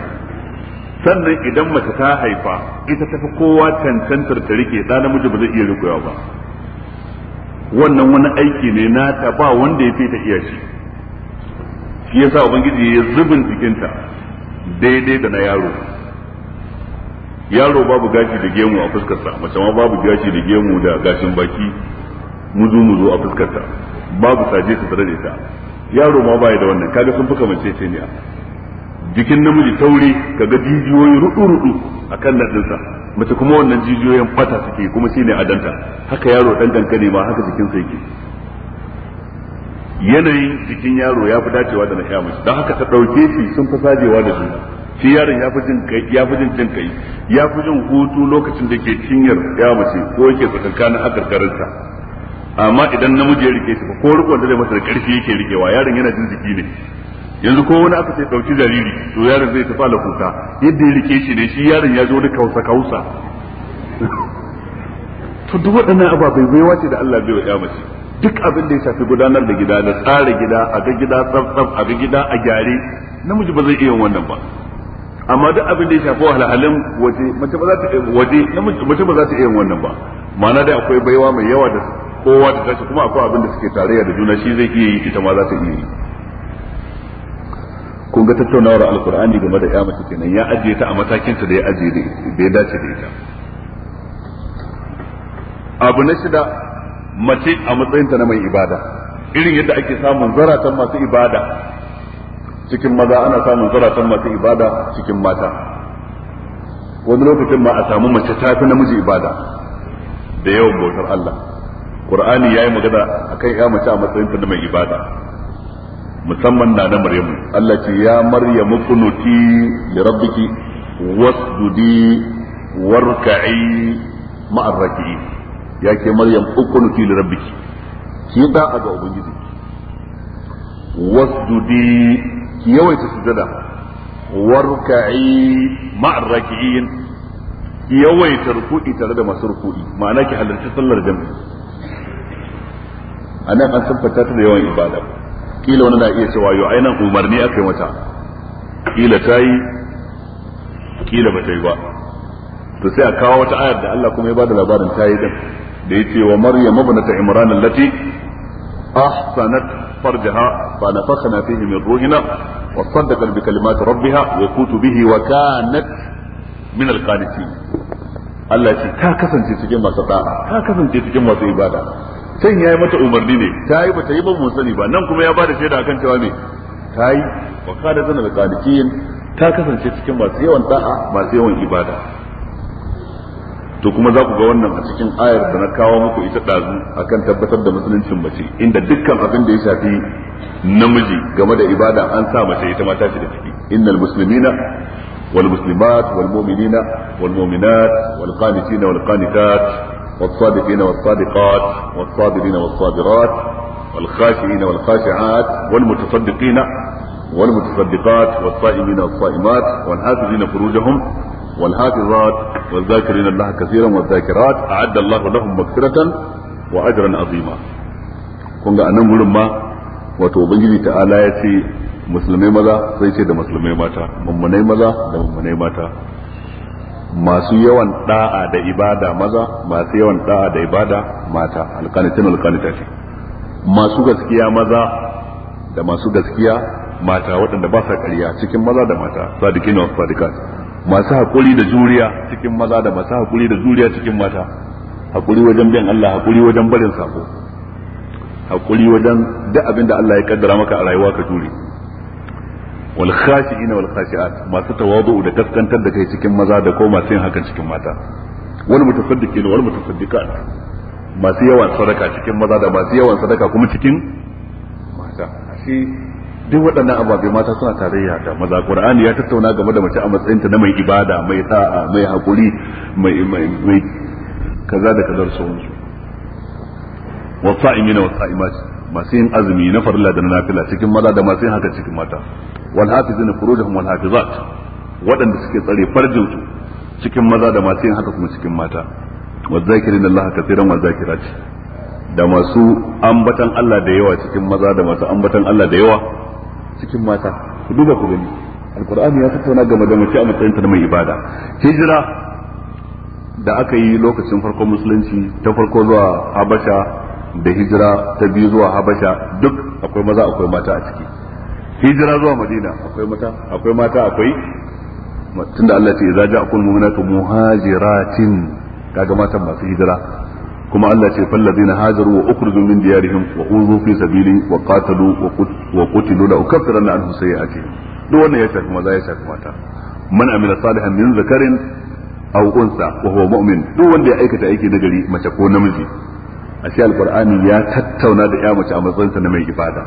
sannan idan mace ta haifa ita tafi kowa cancantar ta rike ɗa namiji ba zai iya rikuwa ba wannan wani aiki ne na ta ba wanda ya fi ta iya shi shi yasa ubangiji ya zubin jikinta daidai da na yaro yaro babu gashi da gemu a fuskarsa mace ma babu gashi da gemu da gashin baki muzu muzu a fuskarta babu saje su tare da ita yaro ma baya da wannan kaga sun fi kamance ce ne jikin namiji tauri kaga jijiyoyi rudu rudu akan nadinsa mace kuma wannan jijiyoyin fata suke kuma shine adanta haka yaro dan dankane ma haka sa yake yanayin jikin yaro ya fi dacewa da na sha mace don haka ta ɗauke shi sun fi sajewa da juna shi yaron ya fi jin kai ya fi jin jin kai ya fi jin hutu lokacin da ke cinyar ya mace ko yake tsakankanin akarkarinta amma idan namiji ya rike shi ko riko da zai masa da karfi yake rikewa yaron yana jin jiki ne yanzu ko wani aka ce dauki jariri to yaron zai tafi ala kuka yadda ya rike shi ne shi yaron ya zo da kausa kausa [laughs] to duk waɗannan ababai baiwa ce da Allah bai wa mace duk abin da ya shafi gudanar da gida da tsara gida a ga gida tsaf a ga gida a gyare namiji ba zai iya wannan ba amma duk abin da ya shafi wahalhalin waje mace ba za ta waje namiji mace ba za ta iya wannan ba ma'ana dai akwai baiwa mai yawa da kowa da tashi kuma akwai abin da suke tarayya da juna shi zai iya yi ita ma za ta iya yi kun ga tattaunawar alkur'ani game da ya kenan ya ajiye ta a matakin ta da ya ajiye da ya dace da ita abu na shida mace a matsayin ta na mai ibada irin yadda ake samun zaratan masu ibada cikin maza ana samun zaratan masu ibada cikin mata wani lokacin ma a samu mace ta fi namiji ibada da yawan bautar Allah qur'ani yayi magana akan ya mace a matsayin ta mai ibada musamman na na maryamu Allah ce ya maryamu kunuti li rabbiki wasjudi warka'i ma'ar raki'in ya ke maryam kunuti li rabbiki ki da a ga ubangiji wasjudi ki yawaita sujada warka'i ma'ar raki'in yawaita ruku'i tare da masu ruku'i ma'ana ki halarci sallar jami'i nan an siffanta ta da yawan ibada kila wani na iya cewa yo ainihin umarni aka yi mata kila ta yi kila ba ta yi ba to sai a kawo wata ayar da Allah kuma ya bada labarin ta yi din da yace wa maryam ibnata imran allati ahsanat farjaha fa nafakhna fihi min ruhina wa saddaqat bi kalimati rabbiha wa bihi wa kanat min al-qanitin Allah ce ta kasance cikin masu da'a ta kasance cikin masu ibada can yayi mata umarni ne ta yi bata yi ba mu sani ba nan kuma ya bada shaida akan cewa me ta yi wa kada zana da qalikin ta kasance cikin masu yawan da'a masu yawan ibada to kuma za ku ga wannan a cikin ayar da na kawo muku ita ɗazu akan tabbatar da musuluncin mace inda dukkan abin da ya shafi namiji game da ibada an sa mace ita ma ta da ciki innal muslimina wal muslimat wal mu'minina wal والصادقين والصادقات والصابرين والصابرات والخاشعين والخاشعات والمتصدقين والمتصدقات والصائمين والصائمات والحافظين فروجهم والحافظات والذاكرين الله كثيرا والذاكرات أعد الله لهم مغفرة وأجرا عظيما كنا أنا ما وتوبنجي تعالى يتي musulmai maza sai ce da musulmai mata mummunai maza da mummunai mata masu yawan da'a da ibada maza masu yawan da'a da ibada mata alqanitin alqanitati masu gaskiya maza da masu gaskiya mata waɗanda ba sa ƙarya cikin maza da mata sadikin wa sadikat masu hakuri da juriya cikin maza da masu hakuri da juriya cikin mata hakuri wajen bin Allah hakuri wajen barin sako hakuri wajen duk abin da Allah ya kaddara maka a rayuwa ka jure wal khashi'in wal khashi'at masu tawadu'u da kaskantar da kai cikin maza da ko masu yin hakan cikin mata wal mutasaddiqin wal mutasaddiqat masu yawan sadaka cikin maza da masu yawan sadaka kuma cikin mata duk waɗannan ababe mata suna tarayya da maza qur'ani ya tattauna game da mace a ta na mai ibada mai sa'a mai hakuri mai mai kaza da kazar sauransu wasa'imina wasa'imati masu yin azumi na farilla da na nafila cikin maza da masu yin haka cikin mata wal hafizina furujahum wal hafizat waɗanda suke tsare farjinsu cikin maza da masu yin haka kuma cikin mata wa zakirin Allah kafiran wa zakirati da masu ambatan Allah da yawa cikin maza da masu ambatan Allah da yawa cikin mata ku duba ku gani alqur'ani ya tattauna game da mace a matsayin ta da mai ibada hijira da aka yi lokacin farkon musulunci ta farko zuwa habasha da hijira ta biyu zuwa habasha duk akwai maza akwai mata a ciki hijira zuwa madina akwai mata akwai mata akwai tunda Allah ce idza ja'akum mu'minatu muhajiratin kaga matan masu hijira kuma Allah ce ladina hajaru wa ukhrizu min diyarihim wa uzu fi sabili wa qatalu wa qutilu la ukaffiranna anhum sayi'atihim duk wannan ya shafi maza ya shafi mata man amila salihan min zakarin aw unsa wa huwa mu'min duk wanda ya aikata aiki na gari mace ko namiji ashe alqur'ani ya tattauna da ya mace a matsayinsa na mai ibada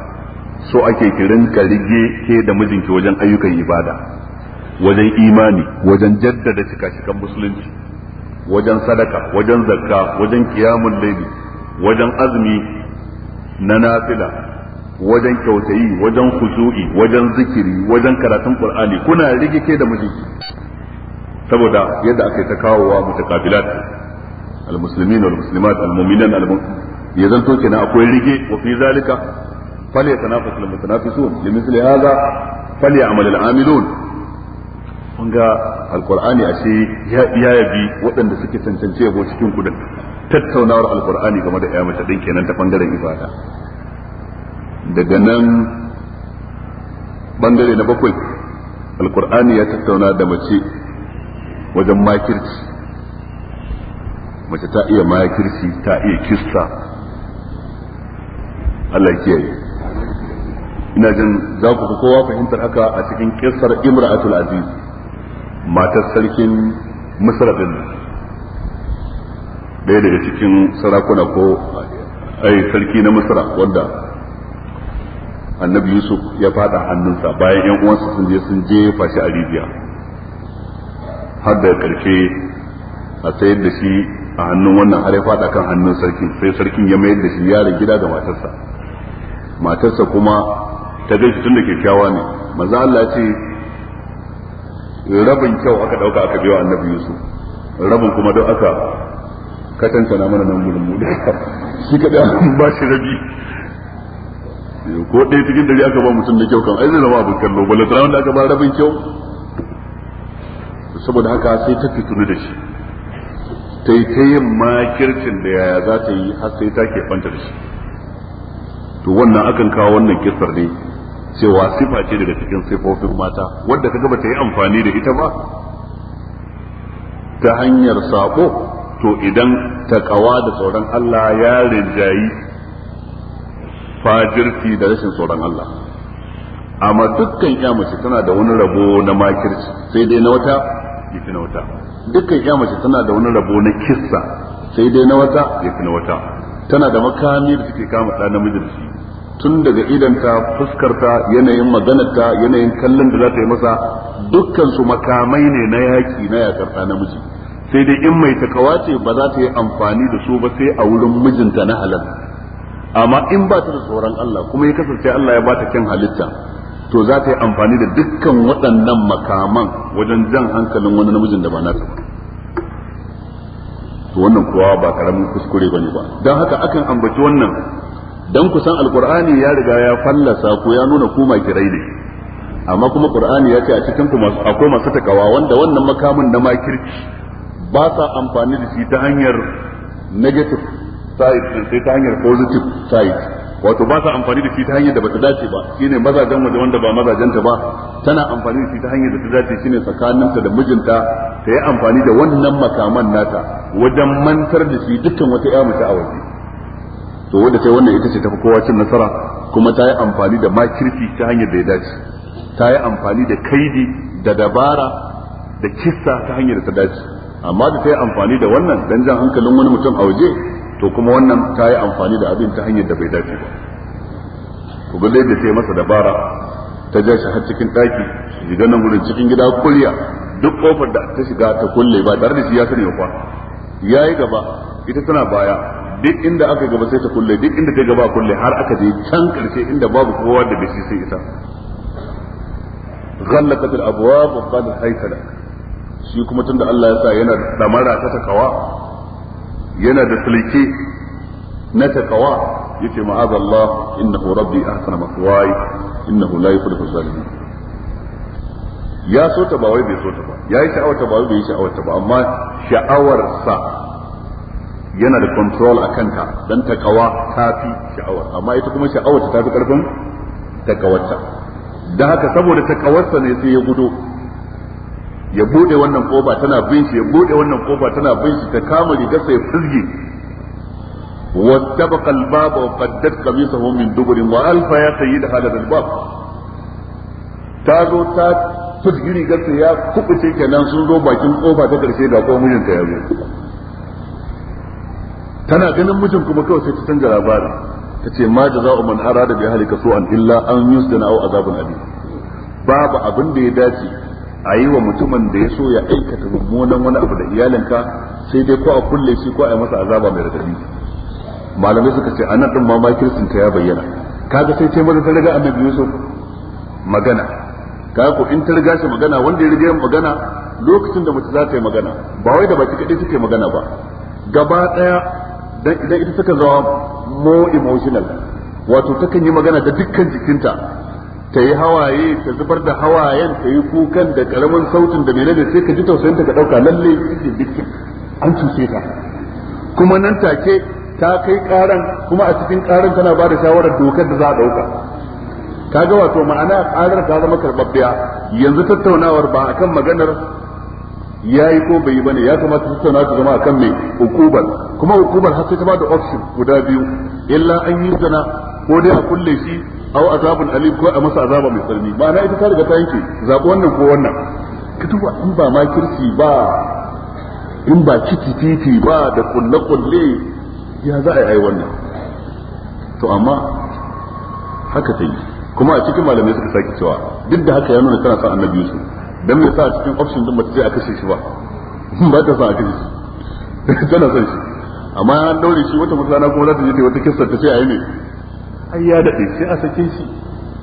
so ake kirin ka rige ke da mijinki wajen ayyukan ibada wajen imani wajen jaddada cika cikan musulunci wajen sadaka wajen zakka wajen kiyamun laili wajen azumi na nafila wajen kyautayi wajen khushu'i wajen zikiri wajen karatun qur'ani kuna ke da mijinki saboda yadda aka ta kawo wa mutakabilat almuslimin wal muslimat almu'minin ya zanto kenan akwai rige wa fi zalika فليتنافس المتنافسون لمثل هذا فليعمل العاملون kun ga alkur'ani a ce ya yabi waɗanda suke cancance yabo cikin kudin tattaunawar alkur'ani game da mace ɗin kenan ta ɓangaren ibada daga nan ɓangare na bakwai alkur'ani ya tattauna da mace wajen makirci mace ta iya makirci ta iya kissa Allah kiyaye ina jin za ku kowa fahimtar haka a cikin kisar imra'atul aziz matar sarkin misra din ɗaya daga cikin sarakuna ko ai sarki na misra wanda annabi yusuf ya fada hannunsa bayan yan uwansa sun je sun jefa shi a libya har da karshe a sayar da shi a hannun wannan har ya fada kan hannun sarki sai sarkin ya mayar da shi yaron gida da matarsa matarsa kuma ta gaishe tun da kyakkyawa ne maza Allah ce rabin kyau aka dauka aka biyo annabi Yusuf rabin kuma don aka katanta na mana nan gurin mu [laughs] shi kada ba shi rabi ko ɗaya cikin dare aka ba mutum da kyau kan ai zai zama abin kallo bala tara wanda aka ba rabin kyau saboda haka sai ta fitunu da shi ta yi ta yin makircin da yaya za ta yi har sai ta ke fanta da shi to wannan akan kawo wannan kisar ne cewa sifa ce daga cikin sifofin mata wadda kaga bata yi amfani da ita ba ta hanyar sako to idan ta kawa da tsoron Allah ya rinjayi fajirki da rashin tsoron Allah amma dukkan ya mace tana da wani rabo na makirci sai dai na wata yafi na wata dukkan ya mace tana da wani rabo na kissa sai dai na wata yafi na wata tana da makami da suke kama ɗa namijin shi tun daga idanta fuskarta yanayin maganarta yanayin kallon da za ta yi masa dukkan su makamai ne na yaki na yakar na namiji sai dai in mai takawa ce ba za ta yi amfani da su ba sai a wurin mijinta na halal amma in ba ta da tsoron Allah kuma ya kasance Allah ya ba ta kyan halitta to za ta yi amfani da dukkan waɗannan makaman wajen jan hankalin wani namijin da ba na to wannan kuwa ba karamin kuskure ba ne ba don haka akan ambaci wannan dan kusan alqur'ani ya riga ya fallasa ku ya nuna ku kirai ne amma kuma qur'ani ya ce a cikin ku akwai masu takawa wanda wannan makamin na makirci ba sa amfani da shi ta hanyar negative side sai ta hanyar positive side wato ba sa amfani da shi ta hanyar da bata dace ba shine mazajen waje wanda ba mazajenta ba tana amfani da shi ta hanyar da ta dace shine tsakaninta da mijinta ta yi amfani da wannan makaman nata wajen mantar da shi dukkan wata ya mace a waje to wanda ta yi wannan ita ce tafi kowa cin nasara kuma ta yi amfani da makirfi ta hanyar da ya dace ta yi amfani da kaidi da dabara da kissa ta hanyar da ta dace amma da ta yi amfani da wannan dan jan hankalin wani mutum a waje to kuma wannan ta yi amfani da abin ta hanyar da bai dace ba ku ga da ta yi masa dabara ta ja shi har cikin ɗaki ga nan gudun cikin gida kulya duk kofar da ta shiga ta kulle ba tare da shi ya sani ba ya yi gaba ita tana baya duk inda aka gaba sai ta kulle duk inda ta gaba kulle har aka je can karshe inda babu kowa da bai sai ita ghallaqat al-abwab wa qad haytala shi kuma tunda Allah ya sa yana da damara ta takawa yana da sulke na takawa yace ma'az Allah innahu rabbi ahsana maswaya innahu la yuflihu zalimin ya so ta ba wai bai so ta ba yayi sha'awar ta ba wai bai sha'awar ta ba amma sha'awar sa yana da control a kanta don takawa ta fi sha'awa amma ita kuma sha'awar ta fi karfin takawarta don haka saboda takawarta ne sai ya gudo ya bude wannan kofa tana bin shi ya bude wannan koba tana bin shi ta kama riga sai firgi wattabaqa al-bab wa qaddat qamisahu min dubur wa alfa ya sayyid hadha al-bab ta zo ta tudgiri gasa ya kubuce kenan sun zo bakin ƙofa ta karshe ga ko mijinta ya zo tana ganin mijin kuma kawai sai ta canza labarin ta ce ma da za'u man arada bi ahlika su'an illa an yusdana aw azabun alim babu abin da ya dace a yi wa mutumin da ya so ya aikata mummunan wani abu da iyalinka sai dai ko a kulle shi ko a yi masa azaba mai radadi malamai suka ce anan din ma kirsinta ya bayyana kaga sai ce mata ta riga annabi Yusuf magana ka ko in ta riga shi magana wanda ya riga magana lokacin da mace za ta yi magana ba wai da baki kadai suke magana ba gaba ɗaya. dan idan ita suka zama mo emotional wato takan yi magana da dukkan jikinta ta yi hawaye ta zubar da hawayen ta yi kukan da karamin sautin da menene sai ka ji tausayin ta ka dauka lalle kike dukkan an cuce ta kuma nan take ta kai karan kuma a cikin karan tana ba da shawarar dokar da za a dauka kaga wato ma'ana karar ta zama karbabbiya yanzu tattaunawar ba akan maganar Ya yi ko bai yi bane ya kamata su na su zama akan mai hukubar kuma hukubar har sai ta bada option guda biyu illa an yi zana ko dai a kulle shi aw azabun alim ko a masa azaba mai tsarni ma'ana ita ta riga ta yanke zabi wannan ko wannan ka in ba ma kirki ba in ba titi ba da kulle kulle ya za a yi wannan to amma haka ta yi kuma a cikin malamai suka sake cewa duk da haka ya nuna tana son annabi Yusuf dan me sa a cikin option din je a kashe shi ba [laughs] ba ta sa a kashe shi [laughs] tana son shi amma an daure shi wata mutana kuma za ta je ta wata kissa ta ce ai me ai ya dade sai a sake shi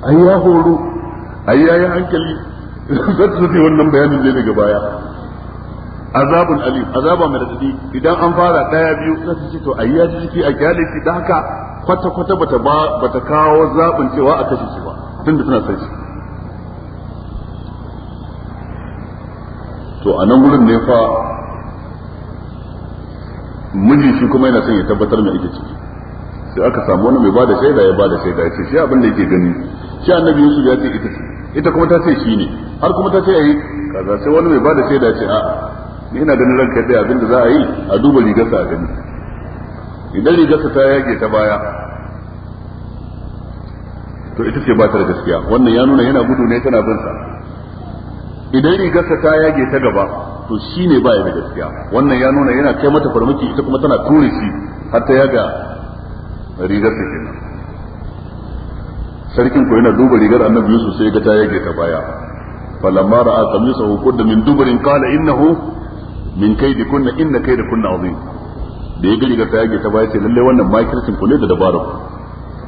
ai ya horo ai ya yi hankali [laughs] za ta yi wannan bayanin ne daga baya azabun alim azaba mai radadi idan an fara daya biyu za ta ce to ai ya ji jiki a kyale shi da haka kwata kwata bata ba bata kawo zabin cewa a kashe shi ba tunda tana son shi to a nan gurin ne fa miji shi kuma yana son ya tabbatar mai ita ciki sai aka samu wani mai ba da shaida ya ba da shaida ya ce shi abin da yake gani shi annabi yusuf ya ce ita ce ita kuma ta ce shi ne har kuma ta ce yayi yi kaza sai wani mai ba da shaida ya ce a'a ni ina ganin ranka dai abin da za a yi a duba rigarsa a gani idan rigarsa ta yage ta baya to ita ce ba ta da gaskiya wannan ya nuna yana gudu ne tana bin sa idan rigarsa ta yage ta gaba to shine baya da gaskiya wannan ya nuna yana kai mata farmaki ita kuma tana ture shi har ta yaga rigarsa kenan sarkin ko yana duba rigar annabi Yusuf sai ga ta yage ta baya falamma ra'a qamisahu qudda min dubrin qala innahu min kaydikunna inna kaydakunna azim da ya ga rigar ta yage ta baya sai lalle wannan makircin ku ne da dabarar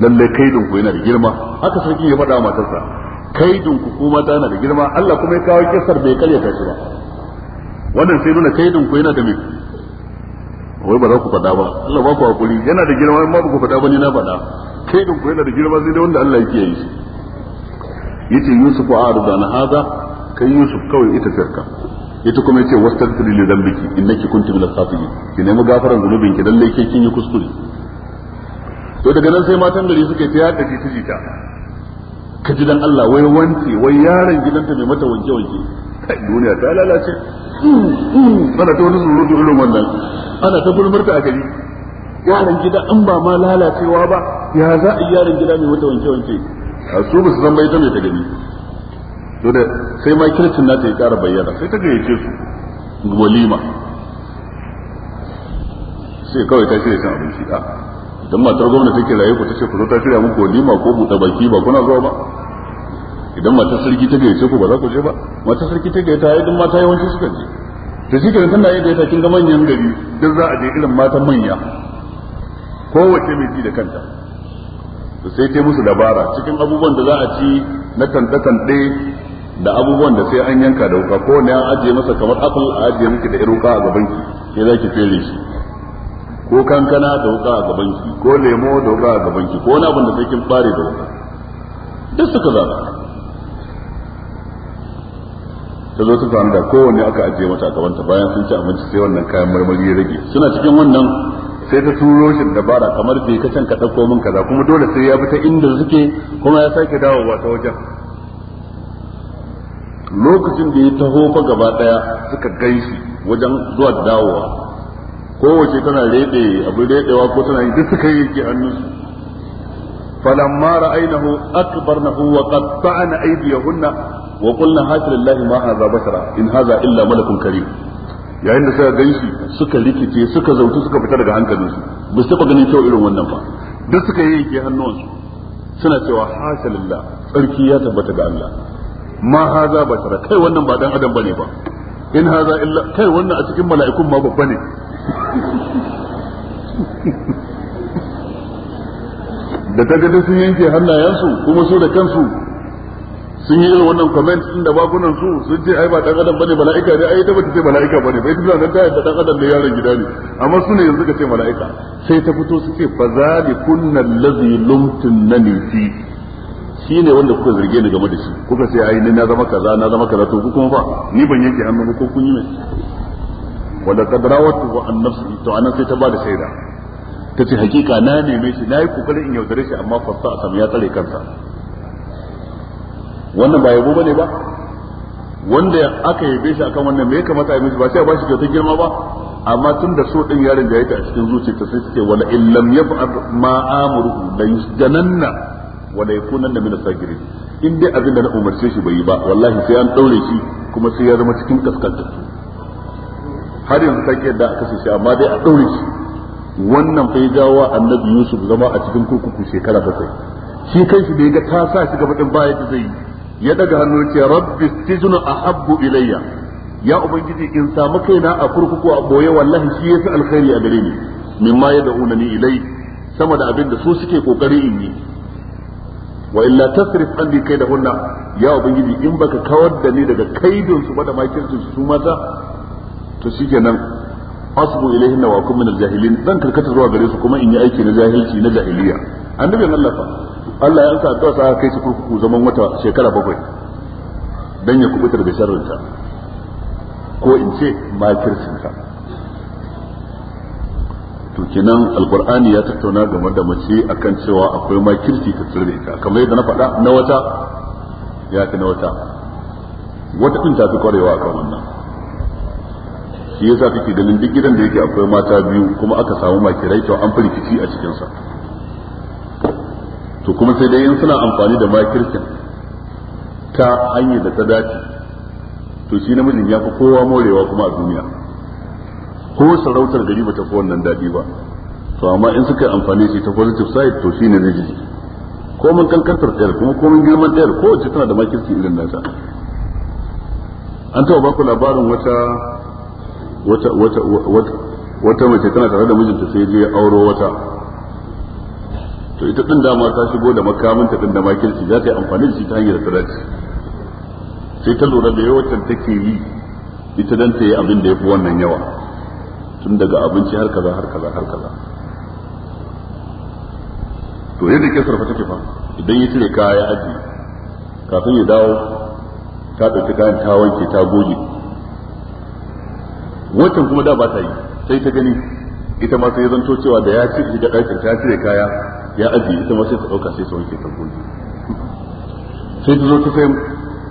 lalle kaidin ku yana da girma haka sarkin ya faɗa matarsa kaidun ku kuma tana da girma Allah kuma ya kawo kisar bai ta shi ba wannan sai nuna kaidun ku yana da mai wai ba za ku faɗa ba Allah ba ku hakuri yana da girma in ba ku faɗa ba ni na faɗa kaidun ku yana da girma sai dai wanda Allah yake yi shi yace Yusuf arda na hada kai Yusuf kawai ita firka ita kuma yace wastaghfir li dambiki innaki kunti al khati'in ki nemi gafaran zunubin ki lalle ke kin yi kuskure to daga nan sai matan gari suka yi ta yadda ta jita ka ji dan Allah wai wanke wai yaron gidanta mai mata wanke wanke kai duniya ta lalace ana ta wani surutu irin wannan ana ta gulmarta a gari yaron gida an ba ma lalacewa ba ya za a yaron gida mai mata wanke wanke a su ba su san bai ta mai ta gani to da sai ma kircin nata ya kara bayyana sai ta gayyace su walima sai kawai ta shirya san abinci a ah, dan matar gwamna take raye ku tace ku zo ta kira muku walima ko buɗe baki ba kuna zuwa ba idan matar sarki ta gayyace ku ba za ku je ba matar sarki ta gayyata ai duk mata yawanci suka je to shi kenan tana yadda ta kin ga manyan gari duk za a je irin matan manya kowace mai ji da kanta to sai ta musu dabara cikin abubuwan da za a ci na tanɗe-tanɗe da abubuwan da sai an yanka da wuka ne an ajiye masa kamar apple a ajiye miki da iruka a gaban ki sai za ki fere shi ko kankana da wuka a gaban ki ko lemo da wuka a gaban ki ko wani abin da sai kin fare da wuka duk suka zaba ta zo ta fahimta da kowanne aka ajiye mata a ta bayan sun ci abinci sai wannan kayan marmari ya rage suna cikin wannan sai ta turo shi dabara kamar bai ka can ka ɗauko min kaza kuma dole sai ya bi ta inda suke kuma ya sake dawowa ta wajen lokacin da ya taho fa gaba daya suka gaishi wajen zuwa dawowa kowace tana rede abu redewa ko tana yi duk suka yake hannunsu falamma ra'aynahu akbarnahu wa qatta'na aydiyahunna wa qulna hasha lillahi ma hadha basara in hadha illa malakun karim yayin da suka ganshi suka rikice suka zautu suka fita daga hankalinsu ba su taba ganin kyau irin wannan ba duk suka yi yake hannuwansu suna cewa hasha lillah tsarki ya tabbata ga Allah ma hadha basara kai wannan ba dan adam bane ba in hadha illa kai wannan a cikin mala'ikun ma babba ne da ta gada sun yanke hannayensu kuma su da kansu sun yi irin wannan comment din da bakunan su sun ce ai ba dan adam bane mala'ika ne ai tabbata ce mala'ika bane bai tuna nan tayar da dan adam ne yaron gida ne amma su ne yanzu ka ce mala'ika sai ta fito su ce fa zalikunna allazi lumtunani fi shine wanda kuka zarge ni game da shi kuka ce ai ni na zama kaza na zama kaza to ku kuma fa ni ban yanke hannu ko kun yi mai wanda laqad rawatuhu an nafsi to anan sai ta ba da shaida tace hakika na neme shi nayi kokarin in yaudare shi amma fassa a ya tsare kansa wannan ba yabo bane ba wanda aka yabe shi akan wannan me ya kamata a yi mishi ba sai a bashi kyautar girma ba amma tun da so din yaron da yake a cikin zuciyarta sai suke wala in lam yaf'al ma amruhu la yusjananna wa la yakunanna min as-sagirin in dai abin da na umarce shi bai yi ba wallahi sai an daure shi kuma sai ya zama cikin kaskantattu har yanzu ta ke da kashe shi amma dai a ɗaure shi wannan fa jawo annabi yusuf zama a cikin kurkuku shekara bakwai shi kai da ya ga ta sa shi gaba ɗin baya da zai yi ya daga hannu ce rabbi a ahabbu ilayya ya ubangiji in samu kaina a kurkuku a boye wallahi shi yafi alkhairi a gare ni mimma ni ilai sama da abin da su suke kokari in yi wa illa tasrif anni kaidahunna ya ubangiji in baka kawar da ni daga kaidun su ba da makircin su mata to shikenan asbu ilaihin wa kum min al-jahilin dan karkata zuwa gare su kuma in yi aiki na jahilci na jahiliya annabi Allah fa Allah ya ansa ta sa kai su kurkuku zaman wata shekara bakwai dan ya kubutar da sharrinta ko in ce makircinta to kenan alqur'ani ya tattauna game da mace akan cewa akwai makirci ta tsirre ta kamar yadda na faɗa na wata ya ta na wata wata tun ta fi kwarewa akan wannan shi yasa kake ganin duk gidan da yake akwai mata biyu kuma aka samu makirai to an firkici a cikin sa to kuma sai dai in suna amfani da makirkin ta hanyar da ta dace to shi namijin ya fi kowa morewa kuma a duniya ko sarautar gari ba ta fi wannan daɗi ba to amma in suka amfani shi ta positive side to ne na jiji ko mun kankantar ɗayar kuma ko mun girman ɗayar kowace tana da makirci irin nasa an taɓa baku labarin wata wata wata wata mace tana tare da mijinta sai je auro wata to ita din dama ta shigo da makamanta din da makirci za ta yi amfani da shi ta hanyar da sai ta lura da yawancin take yi ita dan ta yi abin da ya fi wannan yawa tun daga abinci har kaza har kaza har kaza to yadda ke sarfa take fa idan ya cire kaya ya aji kafin ya dawo ta ɗauki kayan ta wanke ta goge wancan kuma da ba ta yi sai ta gani ita ma sai ya zanto cewa da ya ci da ɗakin ta cire kaya ya aji ita ma sai ta ɗauka sai ta wanke ta goge sai ta zo ta sai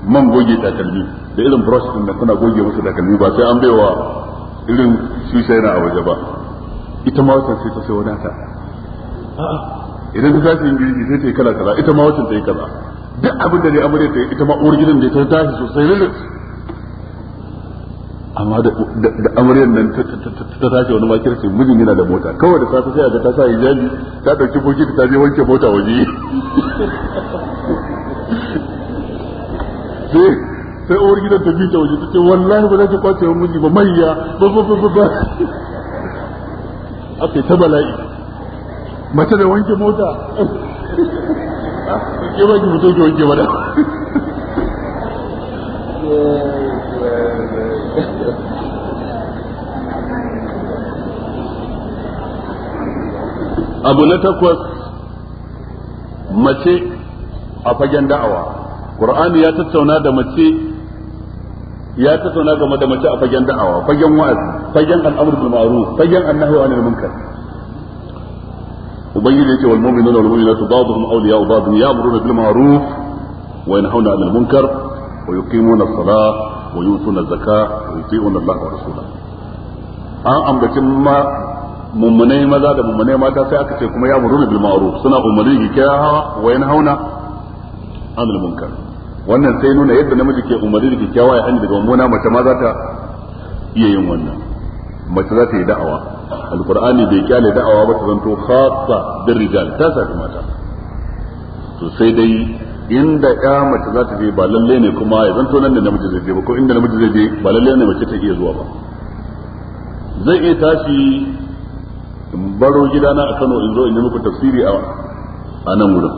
man goge takalmi da irin brush din da kuna goge musu takalmi ba sai an baiwa irin shisha na a waje ba ita ma wancan sai ta sai ta idan ta tashi yin girki sai ta yi kala kaza ita ma wancan ta yi kaza duk abin da dai amurai ta yi ita ma uwar gidan da ta tashi sosai rilis amma da amaryar nan ta tashi wani makirci mijin yana da mota kawai da safe sai a ga ta sa hijabi ta dauki boki ta je wanke mota waje sai sai uwar gidan ta bita waje ta ce wallahi ba za ta kwace wani miji ba mayya ba ba ba ba ba aka ta bala'i mace da wanke mota [laughs] ke ba ki mutum ke wanke mana [laughs] abu na takwas mace a fagen da'awa qur'ani ya tattauna da mace ya tattauna game da mace a fagen da'awa fagen wa'azi fagen al'amur bil ma'ruf fagen annahi anil munkar ubangiji yace wal mu'minuna wal mu'minatu ba'dhum awliya'u ba'd ya'muruna bil ma'ruf wa yanhauna 'anil munkar wa yuqimuna as-salata wa yutuna zakka wa yuti'una an ambaci ma mummunai maza da mummunai mata sai aka ce kuma ya muruna bil ma'ruf suna umarni ki hawa wa yana hauna. anil munkar wannan sai nuna yadda namiji ke umarni da kyakkyawa ya hanya daga mummuna mace ma za ta iya yin wannan mace za ta yi da'awa alqur'ani bai kyale da'awa ba ta zanto khassa bir rijal ta sa mata to sai dai inda ya mace za ta je ba lalle ne kuma ya zanto nan da namiji zai je ba ko inda namiji zai je ba lalle ne mace ta iya zuwa ba zai iya tashi in baro gidana a Kano in zo in yi muku tafsiri a nan gurin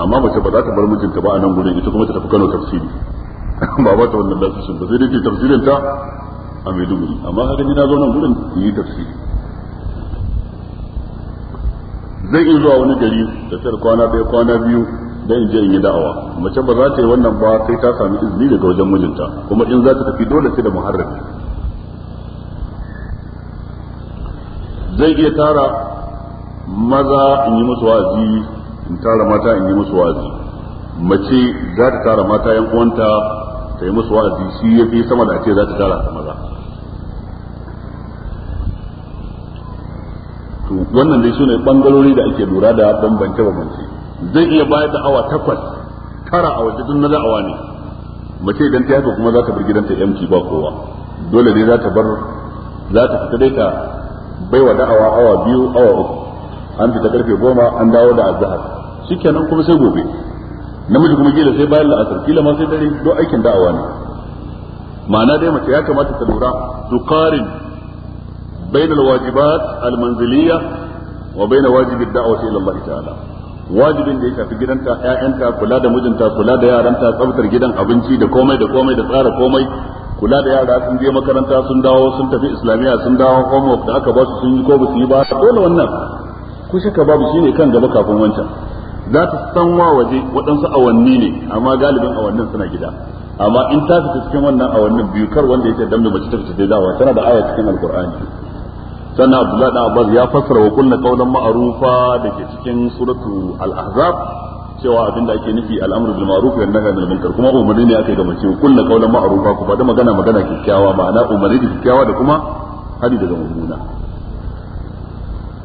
amma mace ba za ta bar mijinta ba a nan gurin ita kuma ta tafi Kano tafsiri [laughs] ba ba ta wannan lafishin ba sai dai tafsirin ta a Maiduguri amma haka ni na zo nan gurin in yi tafsiri zai iya zuwa wani gari da tsar kwana ɗaya kwana biyu dan je in yi da'awa mace ba za ta yi wannan ba sai ta samu izini daga wajen mijinta kuma in za ta tafi dole sai da muharrami zai iya tara maza in yi musu wa'azi in tara mata in yi musu wa'azi mace za ta tara mata yan uwanta ta yi musu wa'azi shi ya fi sama da ce za ta tara ta maza wannan dai ne ɓangarori da ake lura da bambance bambance zai iya bayar da awa takwas tara a waje duk na da'awa ne mace idan ta haka kuma za ta bar gidanta yanki ba kowa dole ne za ta bar za ta fita dai ta baiwa da'awa awa biyu awa uku an fita karfe goma an dawo da azhar shikenan kuma sai gobe namiji kuma kila sai bayan la'asar kila ma sai dare don aikin da'awa ne ma'ana dai mace ya kamata ta lura su tuqarin bainal wajibat al-manziliyya wa bainal wajibi ad-da'wati ila Allah ta'ala wajibin da ya shafi gidanta ƴaƴanta kula da mijinta kula da yaranta tsaftar gidan abinci da komai da komai da tsara komai kula da yara sun je makaranta sun dawo sun tafi islamiyya sun dawo homework da aka ba su sun yi ko ba su yi ba dole wannan ku shaka babu ne kan gaba kafin wancan za ta san wa waje waɗansu awanni ne amma galibin awannin suna gida amma in ta fita cikin wannan awannin biyu kar wanda ya da dan mace ta fita dai dawa tana da aya cikin alqur'ani sana da dan abbas ya fassara wa kaunan ma'arufa da ke cikin suratu al-ahzab cewa abinda ake nufi al'amur bil ma'ruf wa nahy anil munkar kuma umarni ne aka gama cewa kunna kaunan ma'rufa ku faɗi magana magana kikkiawa ma'ana umarni da kyakkyawa da kuma hadi daga mummuna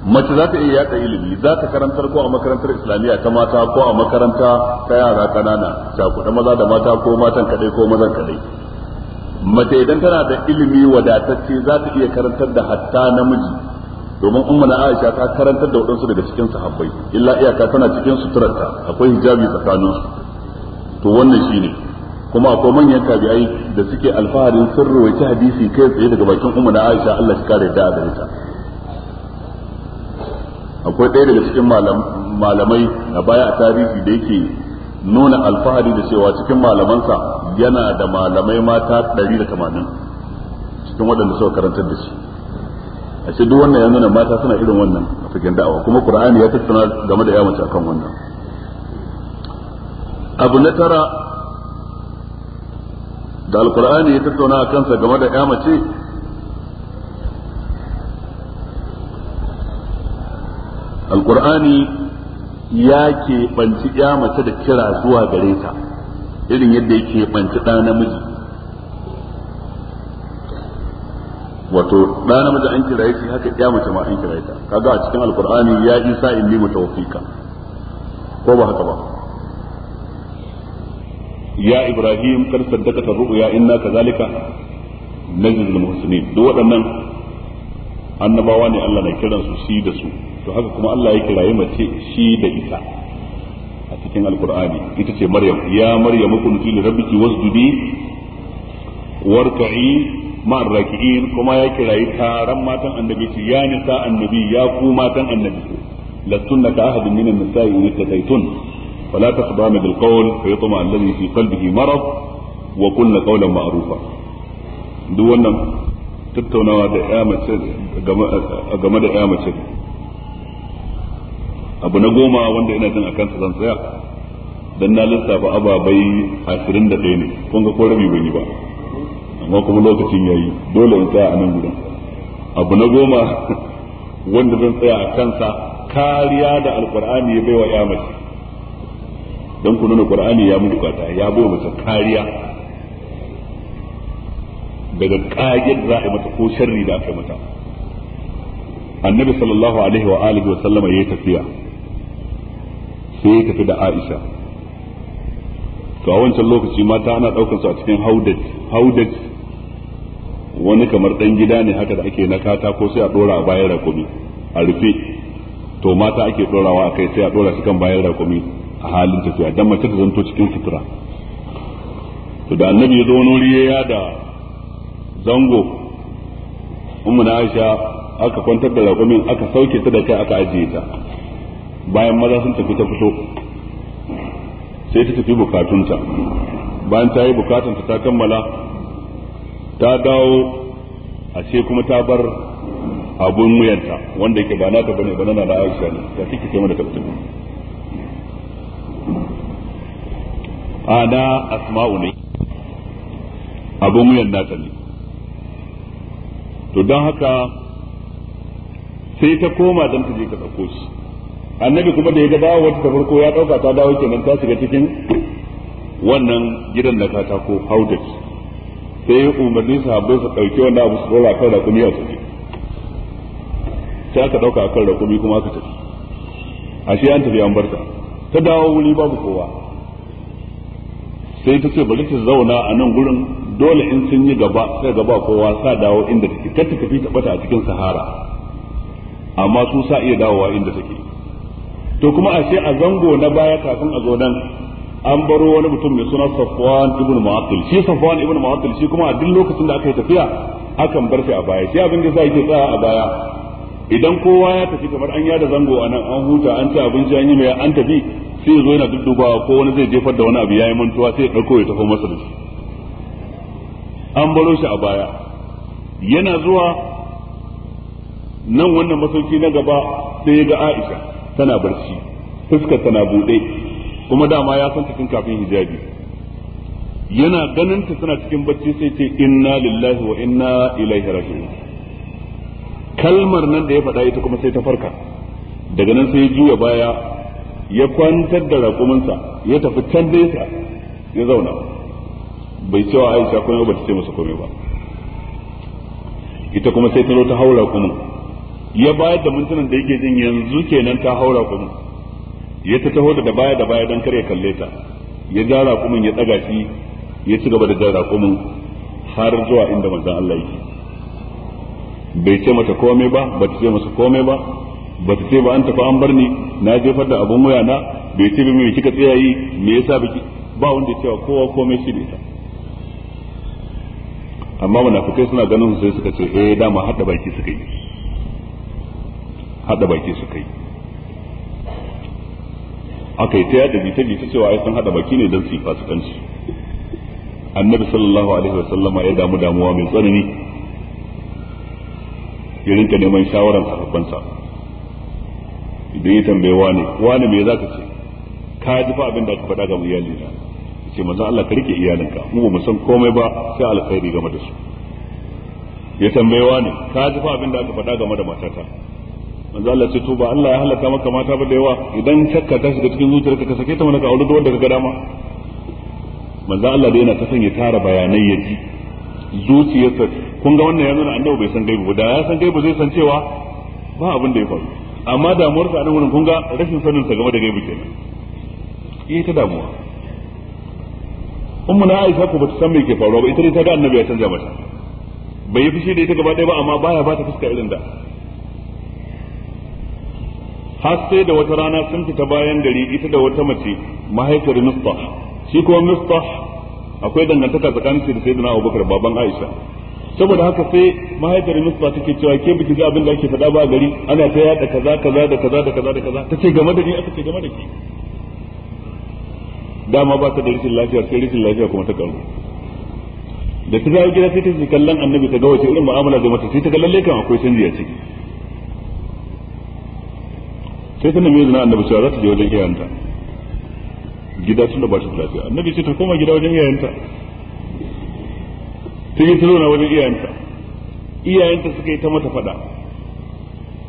mace za ta iya yatsa ilimi za ta karantar ko a makarantar islamiyya ta mata ko a makaranta ta yara kanana ta kuɗa maza da mata ko matan kaɗai ko mazan kaɗai mace idan tana da ilimi wadatacce za ta iya karantar da hatta namiji domin umma na Aisha ta karantar da waɗansu daga cikin sahabbai illa iyaka tana cikin suturarta akwai hijabi tsakanin su to wannan shine kuma akwai manyan tabi'ai da suke alfaharin wa ta hadisi kai tsaye daga bakin umma na Aisha Allah ya kare da ta akwai ɗaya daga cikin malamai a baya a tarihi da yake nuna alfahari da cewa cikin malamansa yana da malamai mata 180 cikin waɗanda suka karantar da shi a ce duk wannan ya nuna mata suna irin wannan a cikin da'awa kuma qur'ani ya tattauna game da ya mace akan wannan abu na tara da alqur'ani ya tattauna a kansa game da ya mace alqur'ani ya ke banci ya mace da kira zuwa gare ta irin yadda ya banci ɗa namiji wato ɗa namiji an kira shi haka ya mace ma an kira ta kaga a cikin alkur'ani ya isa wafi ka ko ba haka ba ya ibrahim kar saddaka ru'ya inna kazalika najzul muhsinin duk waɗannan annabawa ne Allah na kiransu shi da su to haka kuma Allah ya kiraye mace shi da isa a cikin alkur'ani ita ce maryam ya maryam kunti li rabbiki wasjudi warka'i ma'ar raki'in kuma ya kirayi taron matan annabi ce ya nisa annabi ya ku matan annabi ce lastunna ka ahadun min an-nisa'i in tataitun fala taqdama bil qawl fa yatma alladhi fi qalbihi marad wa kunna qawlan ma'rufa duk wannan tattaunawa da ya mace game da ya mace abu na goma wanda ina jin a kansa zan tsaya dan na lissafa ababai 21 ne kun ga ko rabi ban yi ba amma kuma lokacin ya yi dole in tsaya a nan gudan abu na goma [laughs] wanda zan tsaya a kansa kariya da alkur'ani ya baiwa ya mace don ku nuna qur'ani ya mu bukata ya baiwa mace kariya daga kagen za a mata ko sharri da aka mata annabi sallallahu alaihi wa alihi wa sallama yayi tafiya sai ya tafi da Aisha to a wancan lokaci mata ana daukar su a cikin haudat haudat wani kamar dan gida ne haka da ake na katako sai a dora a bayan rakumi a rufe to mata ake dorawa a kai sai a dora shi kan bayan rakumi a halin tafiya dan mace ta zanto cikin sutura to da annabi ya zo wani wuri ya da zango ummu na Aisha aka kwantar da rakumin aka sauke ta da kai aka ajiye ta bayan maza sun tafi ta fito sai ta tafi bukatunta bayan ta yi bukatunta ta kammala ta dawo a ce kuma ta bar abun wuyanta wanda yake ba ta bane ba na da Aisha ne ta take kai da tabbata ana asma'u ne abun wuyan nata ne to don haka sai ta koma don ta je ka ɗauko shi annabi kuma da ya ga dawo ta farko ya dauka ta dawo kenan ta shiga cikin wannan gidan na katako haudat sai ya umarni sahabbai su ɗauki wanda abu su dora kan rakumi a tafi sai aka ɗauka a kan rakumi kuma aka tafi ashe an tafi an barta ta dawo wuri babu kowa sai ta ce bari ta zauna a nan gurin dole in sun yi gaba sai gaba kowa sa dawo inda take kar ta tafi ta bata a cikin sahara amma su sa iya dawowa inda take to kuma a ce a zango na baya kafin a zo nan an baro wani mutum mai suna Safwan ibn Mu'attil shi Safwan ibn Mu'attil shi kuma a duk lokacin da aka yi tafiya akan bar shi a baya sai abin da yasa yake tsaya a baya idan kowa ya tafi kamar an yada zango a nan an huta an ci abinci an yi mai an tafi sai zo yana duddubawa ko wani zai jefar da wani abu yayi mantuwa sai ya dauko ya tafi masa da shi an baro shi a baya yana zuwa nan wannan masauki na gaba sai ya ga Aisha tana barci fuskar tana bude kuma dama ya san cikin kafin hijabi yana ganin ta tana cikin bacci sai ce inna lillahi wa inna ilaihi raji'un kalmar nan da ya faɗa ita kuma sai ta farka daga nan sai ya juya baya ya kwantar da rakuminsa ya tafi can nesa ya zauna bai cewa aisha kuma ba ta ce masa komai ba ita kuma sai ta zo ta haura kuma ya bayar da mintunan da yake jin yanzu kenan ta haura kuma ya ta taho da baya da baya don kare kalle ta ya ja raƙumin ya ɗaga shi ya ci gaba da jara raƙumin har zuwa inda manzon Allah yake bai ce mata komai ba ba ta ce masa komai ba ba ta ce ba an tafi an bar ni na jefar da abun waya na bai ce mai kika tsaya yi me yasa biki ba wanda ya cewa kowa komai shi ne ta amma munafikai suna ganin sai suka ce eh dama hadda baki suka yi hada baki su kai aka yi ta yada jita jita cewa ai sun hada baki ne don su yi fasikanci annabi sallallahu alaihi wasallama ya damu damuwa mai tsanani ya rinka neman shawaran sahabbansa idan ya tambaye wani wani me zaka ce ka ji fa abin da aka faɗa ga iyali na ce manzo Allah ka rike iyalinka mu ba mu san komai ba sai alkhairi game da su ya tambaye wani ka ji fa abin da aka faɗa game da matata manzo Allah ce to ba Allah ya halaka maka mata ba da yawa idan kakka ta shiga cikin zuciyarka ka sake ta wani ka aure da wanda ka ga dama manzo Allah dai yana ta sanya tara bayanai ya ji zuciyarsa kun ga wannan ya nuna annabi bai san gaibu da ya san gaibu zai san cewa ba abin da ya faru amma damuwar sa a wurin kun ga rashin sanin sa game da gaibu kenan eh ta damuwa Umma na Aisha ko bata san me ke faruwa ba ita ne ta ga annabi ya canja mata bai yi fushi da ita gaba ɗaya ba amma baya ba ta fuska irin da har sai da wata rana sun fita bayan gari ita da wata mace mahaifiyar mistah shi kuma mistah akwai dangantaka tsakanin shi da dana abubakar baban aisha saboda haka sai mahaifiyar mistah take cewa ke biki ga abin da ake faɗa ba gari ana ta yada kaza kaza da kaza da kaza da kaza ce game da ni aka ce game da ki dama ba ta da rikin lafiya sai rikin lafiya kuma ta karu da ta zai gida sai ta ji kallon annabi ta ga wace irin mu'amala da mata sai ta ga lalle kan akwai canji a ciki sai kuma mai zina annabi cewa za ta je wajen iyayenta gida tun da ba ta lafiya annabi ce ta koma gida wajen iyayenta ta yi ta zauna wajen iyayenta iyayenta suka yi ta mata fada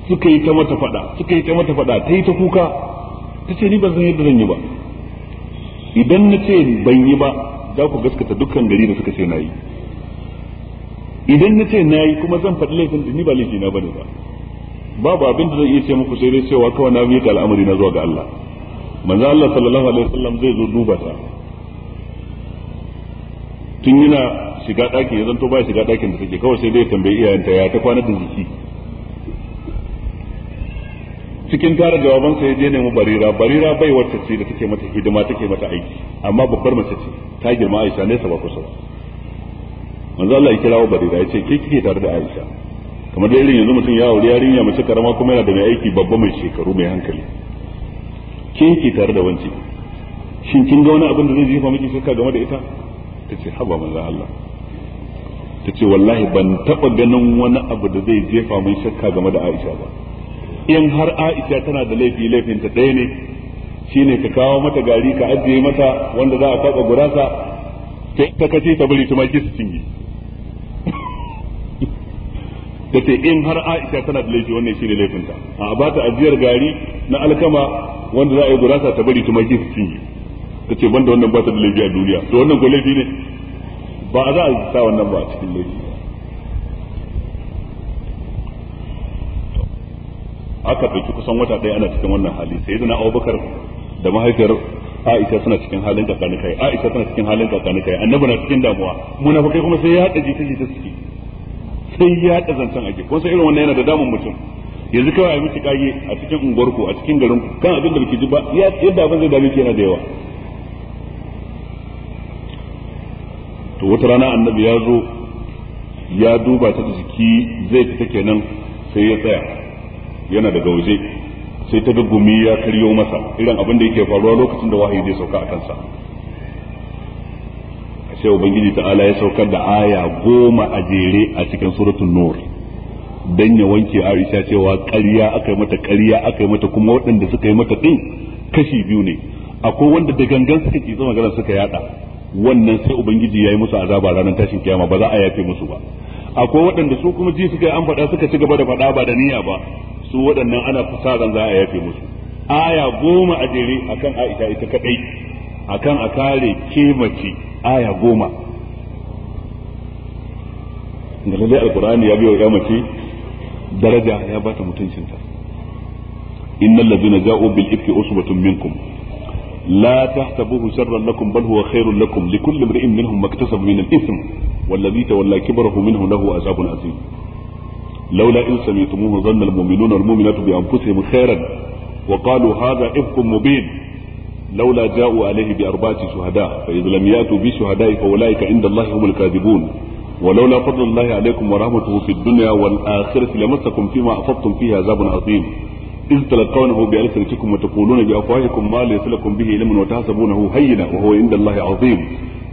suka yi ta mata fada suka yi ta mata fada ta yi ta kuka ta ce ni ban zan yadda zan yi ba idan na ce ban yi ba za ku gaskata dukkan gari da suka ce na yi idan na ce na yi kuma zan faɗi laifin da ni ba laifi na ne ba babu abin da zai iya ce muku sai dai cewa kawai na miƙa al'amari na zuwa ga Allah manzo Allah sallallahu alaihi wasallam zai zo duba ta tun yana shiga daki ya zanto ba shiga dakin da take kawai sai dai tambayi iyayenta ya ta kwana da jiki cikin tara jawaban sai je nemi barira barira bai wata ce da take mata hidima take mata aiki amma babbar mace ce ta girma Aisha ne sa ba kusa manzo Allah ya kirawo barira ya ce ke kike tare da Aisha kamar da irin yanzu mutum ya aure yarinya mace karama kuma yana da mai aiki babba mai shekaru mai hankali kin ki tare da wanci shin kin ga wani abin da zai jefa miki shakka game da ita tace haba manzo Allah tace wallahi ban taba ganin wani abu da zai jefa min shakka game da Aisha ba in har Aisha tana da laifi laifin ta ɗaya ne shine ka kawo mata gari ka ajiye mata wanda za a kaɗa gurasa ta kace ta bari tumaki su cinye tace in har Aisha tana da laifi wannan shine ta a ba ta ajiyar gari na alkama wanda za a yi gurasa ta bari tumaki su cinye tace banda wannan ba ta da laifi a duniya to wannan ko laifi ne ba a za a sa wannan ba a cikin laifi aka ɗauki kusan wata ɗaya ana cikin wannan hali sai da na Abubakar da mahaifiyar Aisha suna cikin halin kakani kai Aisha tana cikin halin kakani kai annabi na cikin damuwa kai kuma sai ya haɗa jita jita suke sai ya da zancen ake kun san irin wannan yana da damun mutum yanzu kawai a miki kage a cikin unguwar ku a cikin garin ku kan abin da kike ji ba yadda abin zai dame ki yana da yawa to wata rana annabi ya zo ya duba ta jiki zai fita kenan sai ya tsaya yana daga waje sai ta ga gumi ya karyo masa irin abin da yake faruwa lokacin da wahayi zai sauka a kansa sai ubangiji ta'ala ya saukar da aya goma a jere a cikin suratul nur dan ya wanke Aisha cewa ƙarya aka yi mata ƙarya aka yi mata kuma waɗanda suka yi mata din kashi biyu ne akwai wanda da gangan suka zama magana suka yada wannan sai ubangiji ya yi musu azaba ranar tashin kiyama ba za a yafe musu ba akwai waɗanda su kuma ji suka yi an faɗa suka ci gaba da faɗa ba da niyya ba su waɗannan ana fasaran za a yafe musu aya goma a jere akan Aisha ita kadai akan a kare ke mace aya goma da zai alkurani ya biyo ya mace daraja ya ba mutuncinta لولا جاءوا عليه بأربعة شهداء فإذا لم يأتوا بشهداء فأولئك عند الله هم الكاذبون ولولا فضل الله عليكم ورحمته في الدنيا والآخرة لمسكم فيما أفضتم فيه عذاب عظيم إذ تلقونه بألسنتكم وتقولون بأفواهكم ما ليس لكم به علم وتحسبونه هينا وهو عند الله عظيم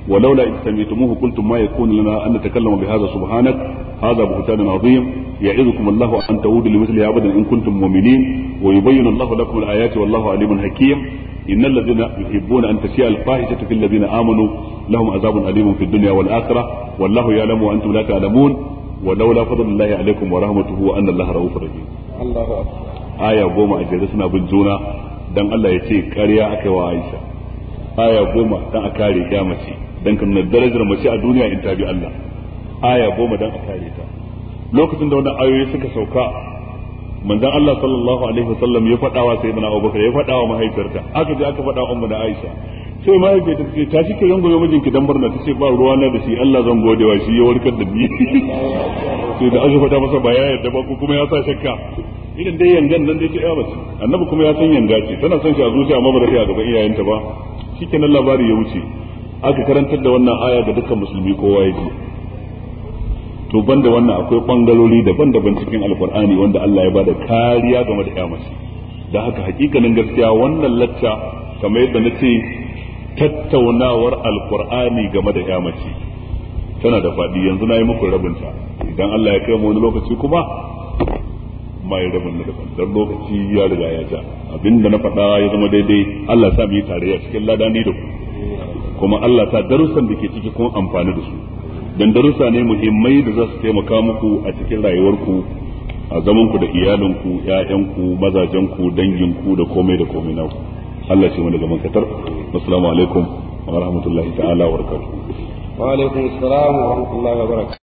ولولا إذ سميتموه قلتم ما يكون لنا أن نتكلم بهذا سبحانك هذا بهتان عظيم يعظكم الله أن تعودوا لمثله أبدا إن كنتم مؤمنين ويبين الله لكم الآيات والله عليم حكيم إن الذين يحبون أن تشيع الفاحشة في الذين آمنوا لهم عذاب أليم في الدنيا والآخرة والله يعلم وأنتم لا تعلمون ولولا فضل الله عليكم ورحمته وأن الله رؤوف رحيم الله أكبر آية قوم أجلسنا بالزونة دم الله يتيك كاريا أكي وعائشة آية قوم أكاري كامتي dan ka nuna darajar mace a duniya in tabi Allah aya goma dan a kare ta lokacin da wannan ayoyi suka sauka manzon Allah sallallahu alaihi wasallam ya faɗa wa sayyidina Abubakar ya faɗa wa mahaifiyarta aka je aka faɗa wa ummu da Aisha sai mahaifiyarta ta ce ta shi ke zan goyo mijinki dan barna ta ce ba ruwa na da shi Allah zan gode wa shi ya warkar da ni [laughs] sai da aka faɗa masa ba ya yarda ba ko kuma ya sa shakka idan dai yangan nan dai ce ya bace annabi kuma ya san yanga ce tana son shi a zuciya amma ba ta a gaban iyayenta ba shikenan labari ya wuce aka karantar da wannan aya ga dukkan musulmi kowa ya ji to banda wannan akwai bangalori daban-daban cikin alkur'ani wanda Allah ya bada kariya game da kyamaci da haka hakikanin gaskiya wannan lacca kamar yadda na ce tattaunawar alkur'ani game da kyamaci tana da faɗi yanzu na yi muku rabinta idan Allah ya kai mu wani lokaci kuma ma rabin na daban dan lokaci ya riga ya ja abinda na faɗa ya zama daidai Allah ya sa mu yi cikin ladani da ku kuma Allah ta darussan da ke ciki kuma amfani da su dan darussa ne muhimmai da za su taimaka muku a cikin rayuwarku a zaman ku da iyalinku ƴaƴanku mazajenku danginku da komai da komai naku Allah ce mana gaban katar assalamu alaikum wa rahmatullahi ta'ala wa barakatuh wa alaikum assalam wa rahmatullahi wa barakatuh